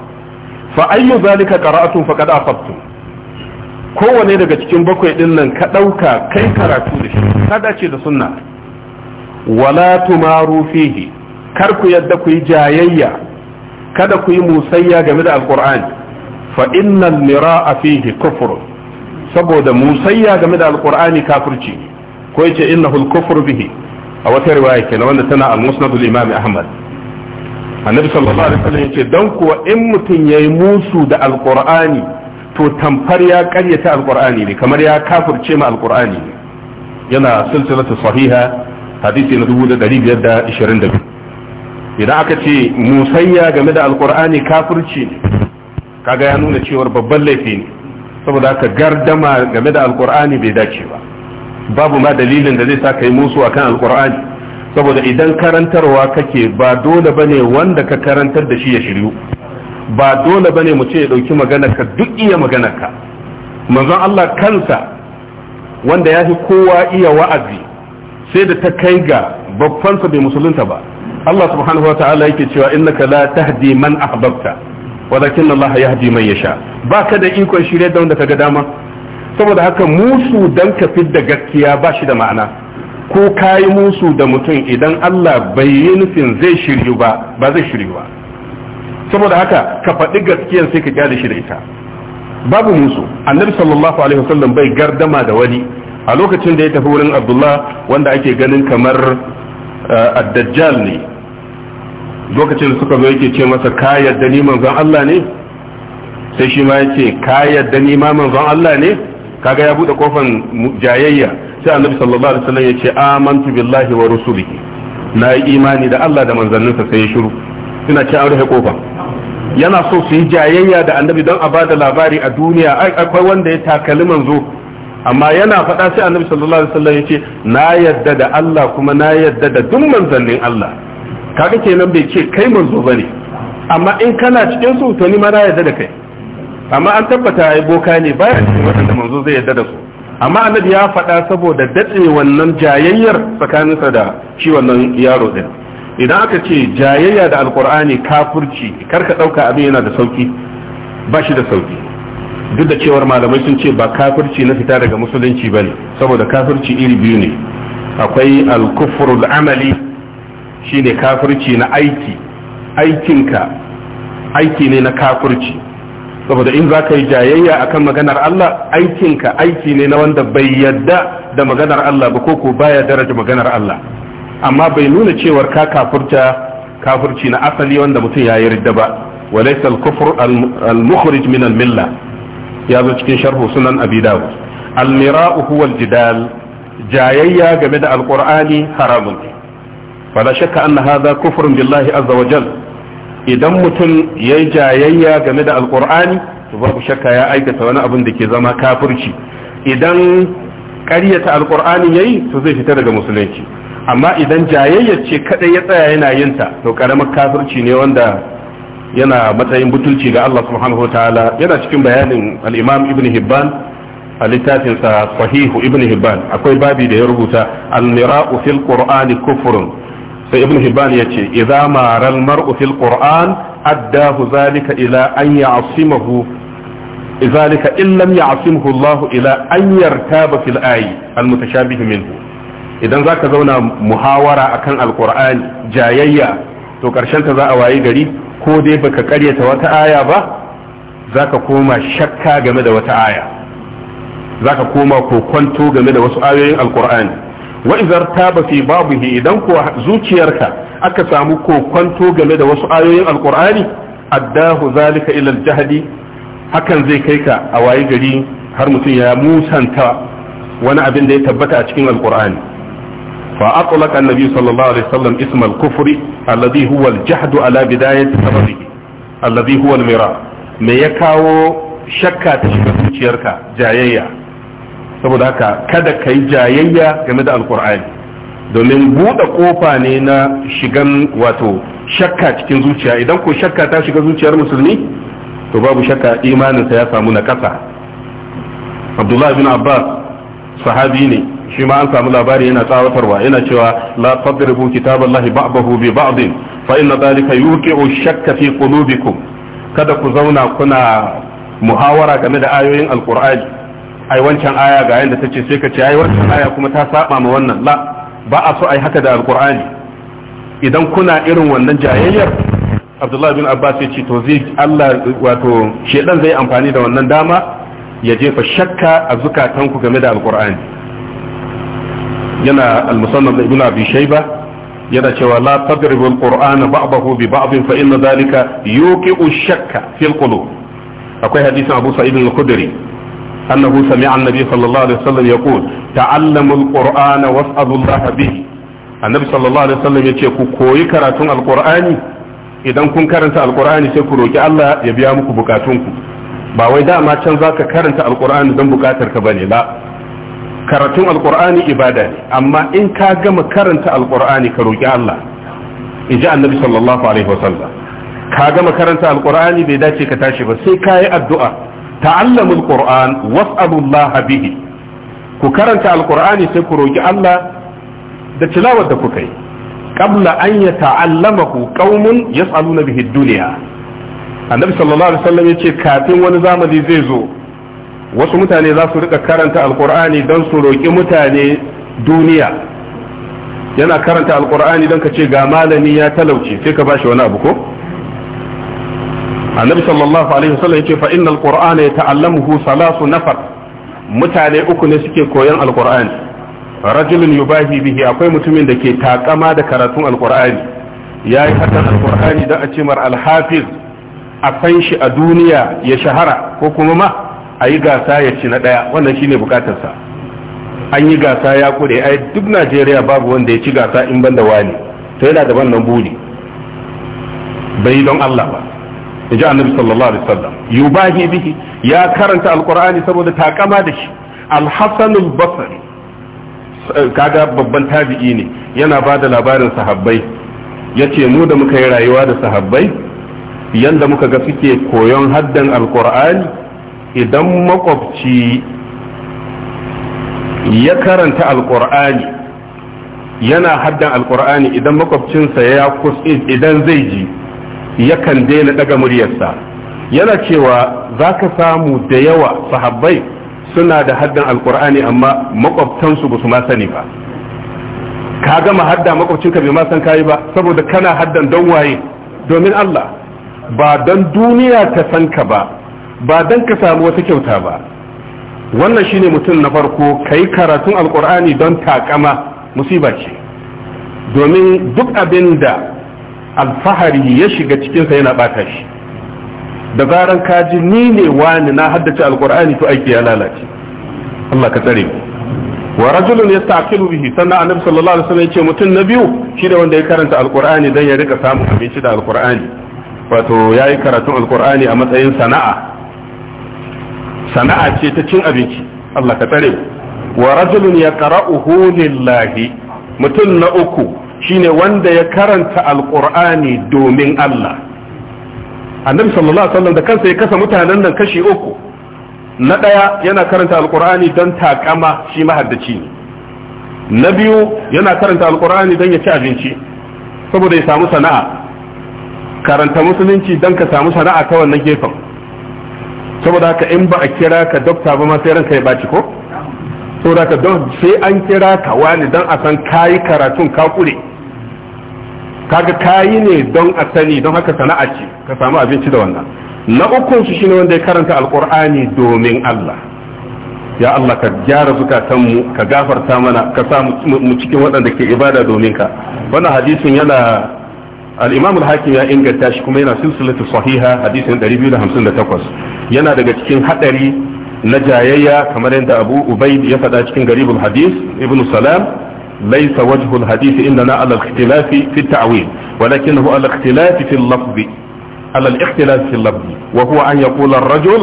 fa ayyu zalika qara'atun faqad asabtum kowane daga cikin bakwai din nan ka dauka kai karatu da shi Kada ce da sunna wala tumaru fihi kar ku yadda ku yi jayayya kada ku yi musayya game da alqur'ani fa innal mira'a fihi kufrun saboda musayya game da alqur'ani kafirci ko yace innahu al bihi a wata riwaya kenan wanda tana al-musnad imam ahmad annabi sallallahu alaihi wasallam yace dan kuwa in mutun yayi musu da alqur'ani to tamfar ya karyata alqur'ani ne kamar ya kafirce ma alqur'ani ne yana silsilatu sahiha hadisi na biyu. idan aka ce musayya game da alkur'ani kafirci ne kaga ya nuna cewa babban laifi ne saboda haka gardama game da alkur'ani bai dace ba babu ma dalilin da zai sa kai musu akan alkur'ani saboda idan karantarwa kake ba dole bane wanda ka karantar da shi ya shiryu ba dole bane mu ce ya dauki maganarka ka duk iya maganarka, ka manzon Allah kansa wanda ya fi kowa iya wa'azi sai da ta kai ga babbansa bai musulunta ba Allah subhanahu wa ta'ala yake cewa innaka la tahdi man ahbabta walakin Allah ya haji mai yasha baka da ikon shirya da wanda ga dama saboda haka musu dan ka fidda gaskiya ba shi da ma'ana ko kayi musu da mutum idan Allah bai yi nufin zai shiryu ba ba zai shiryu ba saboda haka ka faɗi gaskiyan sai ka gyara shi da ita babu musu annabi sallallahu alaihi wasallam bai gardama da wani a lokacin da ya tafi wurin abdullah wanda ake ganin kamar eh, dajjal ne lokacin da suka zo yake ce masa ka yarda ni manzon Allah ne sai shi ma yace ka yarda ni ma manzon Allah ne kaga ya bude kofan jayayya sai annabi sallallahu alaihi wasallam yace amantu billahi wa rusulihi na yi imani da Allah da manzanninsa sai ya shiru ina ce an rufe kofa yana so su yi jayayya da annabi don a bada labari a duniya akwai wanda ya takali manzo amma yana faɗa sai annabi sallallahu alaihi wasallam yace na yarda da Allah kuma na yarda da duk manzannin Allah kaga kenan bai ce kai manzo bane amma in kana cikin su to ni ma na yarda da kai amma an tabbata ai boka ne baya cikin wanda manzo zai yarda da su amma annabi ya faɗa saboda datse wannan jayayyar tsakaninsa da shi wannan yaro din idan aka ce jayayya da alkur'ani kafurci karka ɗauka abin yana da sauki ba shi da sauki duk da cewar malamai sun ce ba kafirci na fita daga musulunci bane saboda kafirci iri biyu ne akwai al alkufurul amali shine kafirci na aiki aikinka aiki ne na kafirci saboda in za ka yi jayayya akan maganar Allah aikinka aiki ne na wanda bai yadda da maganar Allah ba ko baya daraja maganar Allah amma bai nuna cewar ka kafirta kafirci na asali wanda mutum ya yi ridda ba walaysa al-kufr al-mukhrij min al-milla ya zo cikin sharhu sunan abi dawud al-mira'u huwa al-jidal jayayya game da al-qur'ani haramun fala shakka anna hadha kufrun billahi azza wa jal idan mutum yayi jayayya game da alqur'ani to babu shakka ya aikata wani abin da ke zama kafirci idan ƙaryata alqur'ani yayi to zai fita daga musulunci amma idan jayayya ce kadai ya tsaya yana yin ta to karamar kafirci ne wanda yana matsayin butulci ga Allah subhanahu ta'ala yana cikin bayanin al-Imam Ibn Hibban a littafinsa sahihu Ibn Hibban akwai babi da ya rubuta al-mira'u fil Qur'ani kufrun sai ibn hibban ya ce idza maral mar'u fil qur'an addahu zalika ila an ya'simahu zalika in lam ya'simhu Allah ila an yartaba fil ayi al mutashabih minhu idan zaka zauna muhawara akan al-qur'an jayayya to karshen ta za a wayi gari ko dai baka karyata wata aya ba zaka koma shakka game da wata aya zaka koma kokonto game da wasu ayoyin al-qur'ani. wa izar taba fi babuhi idan kuwa zuciyarka aka samu kokwanto game da wasu ayoyin alkur'ani addahu zalika ila aljahdi hakan zai kai ka a waye gari har mutum ya musanta wani abin da ya tabbata a cikin alkur'ani fa aqlaqa annabi sallallahu alaihi wasallam ism al-kufri alladhi huwa al ala bidayati sababihi alladhi huwa al me ya kawo shakka ta shiga zuciyarka jayayya saboda haka kada ka yi jayayya game da alkur'ani domin buɗe ƙofa ne na shigan wato shakka cikin zuciya idan ko shakka ta shiga zuciyar musulmi to babu shakka imaninsa ya samu na ƙasa abdullahi bin abbas sahabi ne shi ma an samu labari yana tsawatarwa yana cewa la tadribu kitaballahi ba'dahu bi ba'd fa inna dhalika yuqi'u shakka fi qulubikum kada ku zauna kuna muhawara game da ayoyin alqur'ani ai wancan aya ga yanda ce sai ka ce ai wancan aya kuma ta saba ma wannan la ba a so ai haka da alqur'ani idan kuna irin wannan jayayyar Abdullahi bin Abbas ya ce to zai Allah wato shedan zai amfani da wannan dama ya jefa shakka a zukatanku game da alqur'ani yana al-musannaf ibn abi shayba yana cewa la tadribu al-qur'ana ba'dahu bi ba'd fa inna dhalika yuqi'u shakka fil qulub akwai hadisin Abu Sa'id al-Khudri أنه سمع النبي صلى الله عليه وسلم يقول تعلموا القرآن واسألوا الله به النبي صلى الله عليه وسلم يقول كوي كراتون القرآن idan kun karanta alkur'ani sai ku roki Allah ya biya muku bukatunku ba wai dama can zaka karanta alkur'ani don bukatar ka bane ba karatun alkur'ani ibada ne amma in ka gama karanta alkur'ani ka roki Allah in ji annabi sallallahu alaihi wasallam ka gama karanta alkur'ani bai dace ka tashi ba sai ka yi addu'a ta'allamul qur'an was'alullaha bihi ku karanta alqur'ani sai ku roki Allah da cilawar da kuka yi qabla an yata'allamahu qaumun yas'aluna bihi dunya annabi sallallahu alaihi wasallam yace kafin wani zamani zai zo wasu mutane za su rika karanta alqur'ani don su roki mutane duniya yana karanta alqur'ani don ka ce ga malami ya talauci sai ka bashi wani abu ko annabi sallallahu alaihi wasallam yace fa innal qur'ana yata'allamuhu salasu nafar mutane uku ne suke koyan alqur'ani rajulun yubahi bihi akwai mutumin da ke takama da karatun alqur'ani yayi hadan alqur'ani da a ce mar alhafiz a san shi a duniya ya shahara ko kuma ma a yi gasa ya ci na daya wannan shine bukatarsa an yi gasa ya kure ai duk Najeriya babu wanda ya ci gasa in banda wani to yana da wannan buri bai don Allah ba in ji annabi sallallahu alaihi wasallam yubahi bihi ya karanta alqur'ani saboda takama da shi al-hasan basri kaga babban tabi'i ne yana ba da labarin sahabbai yace mu da muka yi rayuwa da sahabbai yanda muka ga suke koyon haddan alqur'ani idan makwabci ya karanta alqur'ani yana haddan alqur'ani idan makwabcinsa ya kus idan zai ji yakan daina daga muryarsa yana cewa za ka samu da yawa sahabbai suna da haddan alkur'ani amma makwabtansu ba su ma sani ba ka gama hadda makwabcinka bai ma san kayi ba saboda kana haddan don waye domin Allah ba don duniya ta san ka ba ba don ka samu wata kyauta ba wannan shine mutum na farko kai karatun alkur'ani don takama musiba ce domin duk abin da alfahari ya shiga cikinsa yana bata shi da zaran ka ji ni ne wani na haddace alqur'ani to aiki ya lalace Allah ka tsare wa rajulun yastaqilu bihi sanna annabi sallallahu alaihi wasallam yace mutum na biyu shi da wanda ya karanta alqur'ani dan ya rika samu abinci da alqur'ani wato yayi karatun alqur'ani a matsayin sana'a sana'a ce ta cin abinci Allah ka tsare wa rajulun yaqra'uhu lillahi mutum na uku shine wanda ya karanta Alƙur'ani domin Allah annabi sallallahu alaihi wasallam da kansa ya kasa mutanen nan kashi uku na ɗaya yana karanta alqur'ani don takama shi mahaddaci ne na biyu yana karanta alqur'ani don ya ci abinci saboda ya samu sana'a karanta musulunci don ka samu sana'a ta wannan gefen saboda haka in ba a kira ka dokta ba ma sai ranka ya baci ko saboda ka don sai an kira ka wani don a san kayi karatun ka kure kaga kayi ne don a sani don haka sana'a ce ka samu abinci da wannan na ukun su shine wanda ya karanta alqur'ani domin Allah ya Allah ka gyara zukatan mu ka gafarta mana ka sa mu cikin waɗanda ke ibada domin ka wannan hadisin yana al-Imam hakim ya inganta shi kuma yana silsilatu sahiha hadisin 258 yana daga cikin hadari na jayayya kamar yadda abu ubaid ya faɗa cikin garibul hadis ibn salam laisa wajhul hadis inda ala al-ikhtilaf fi at-ta'wil walakinahu ala al-ikhtilaf fi al-lafz ala al-ikhtilaf fi al-lafz wa huwa an yaqula ar-rajul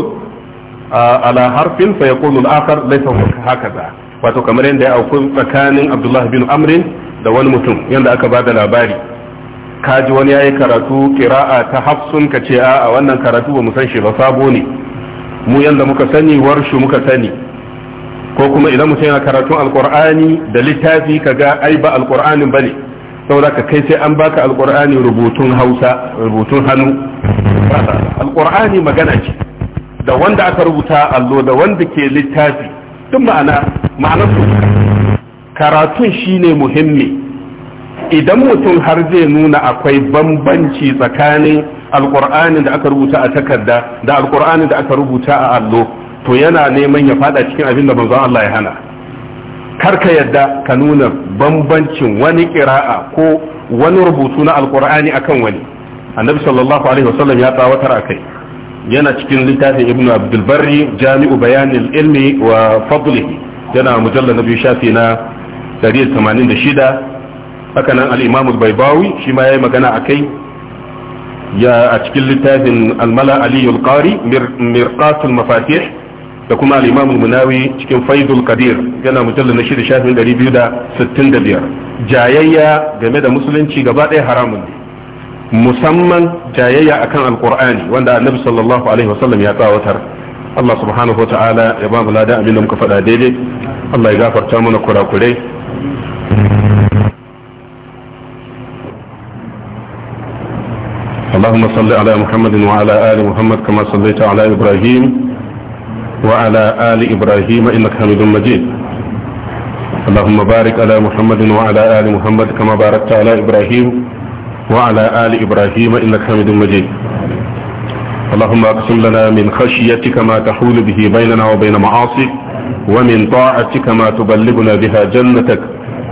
ah, ala harfin fa yaqulu al-akhar laisa hakaza wato kamar yadda ya auku tsakanin abdullahi bin amrin da wani mutum yadda aka bada labari kaji wani yayi karatu kira'a ta hafsun ka ce a wannan karatu ba mu san shi ba sabo ne mu yanda muka sani warshu muka sani ko kuma idan mutum yana karatun alkur'ani da littafi ka kaga ai ba alkur'anin bane saboda ka kai sai an baka alkur'ani rubutun hausa rubutun hannu alkur'ani magana ce da wanda aka rubuta allo da wanda ke littafi duk ma'ana ma'anar karatun shine muhimmi idan mutum har zai nuna akwai bambanci tsakanin alkur'ani da aka rubuta a takarda da alkur'ani da aka rubuta a allo to yana neman ya fada cikin abin da manzon Allah ya hana Kar ka yadda ka nuna bambancin wani kira'a ko wani rubutu na alkur'ani akan wani annabi sallallahu alaihi wasallam ya tsawatar akai yana cikin littafin ibnu abdul barri jami'u bayanil ilmi wa fadlihi yana mujallal na biyu shafi na 186 haka nan alimamu bai bawi shi ma yi magana akai ya a cikin littafin al-mala ali qari mirqat mafatih da kuma al-imam al-munawi cikin faidul qadir yana mujallal na shirin shafin 265 jayayya game da musulunci gaba ɗaya haramun ne musamman jayayya akan al wanda annabi sallallahu alaihi wasallam ya tsawatar Allah subhanahu wa ta'ala ya ba mu ladan abin da muka faɗa daidai Allah ya gafarta mana kurakurai اللهم صل على محمد وعلى آل محمد كما صليت على إبراهيم وعلى آل إبراهيم إنك حميد مجيد اللهم بارك على محمد وعلى آل محمد كما باركت على إبراهيم وعلى آل إبراهيم إنك حميد مجيد اللهم اقسم لنا من خشيتك ما تحول به بيننا وبين معاصيك ومن طاعتك ما تبلغنا بها جنتك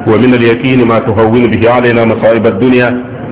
ومن اليقين ما تهون به علينا مصائب الدنيا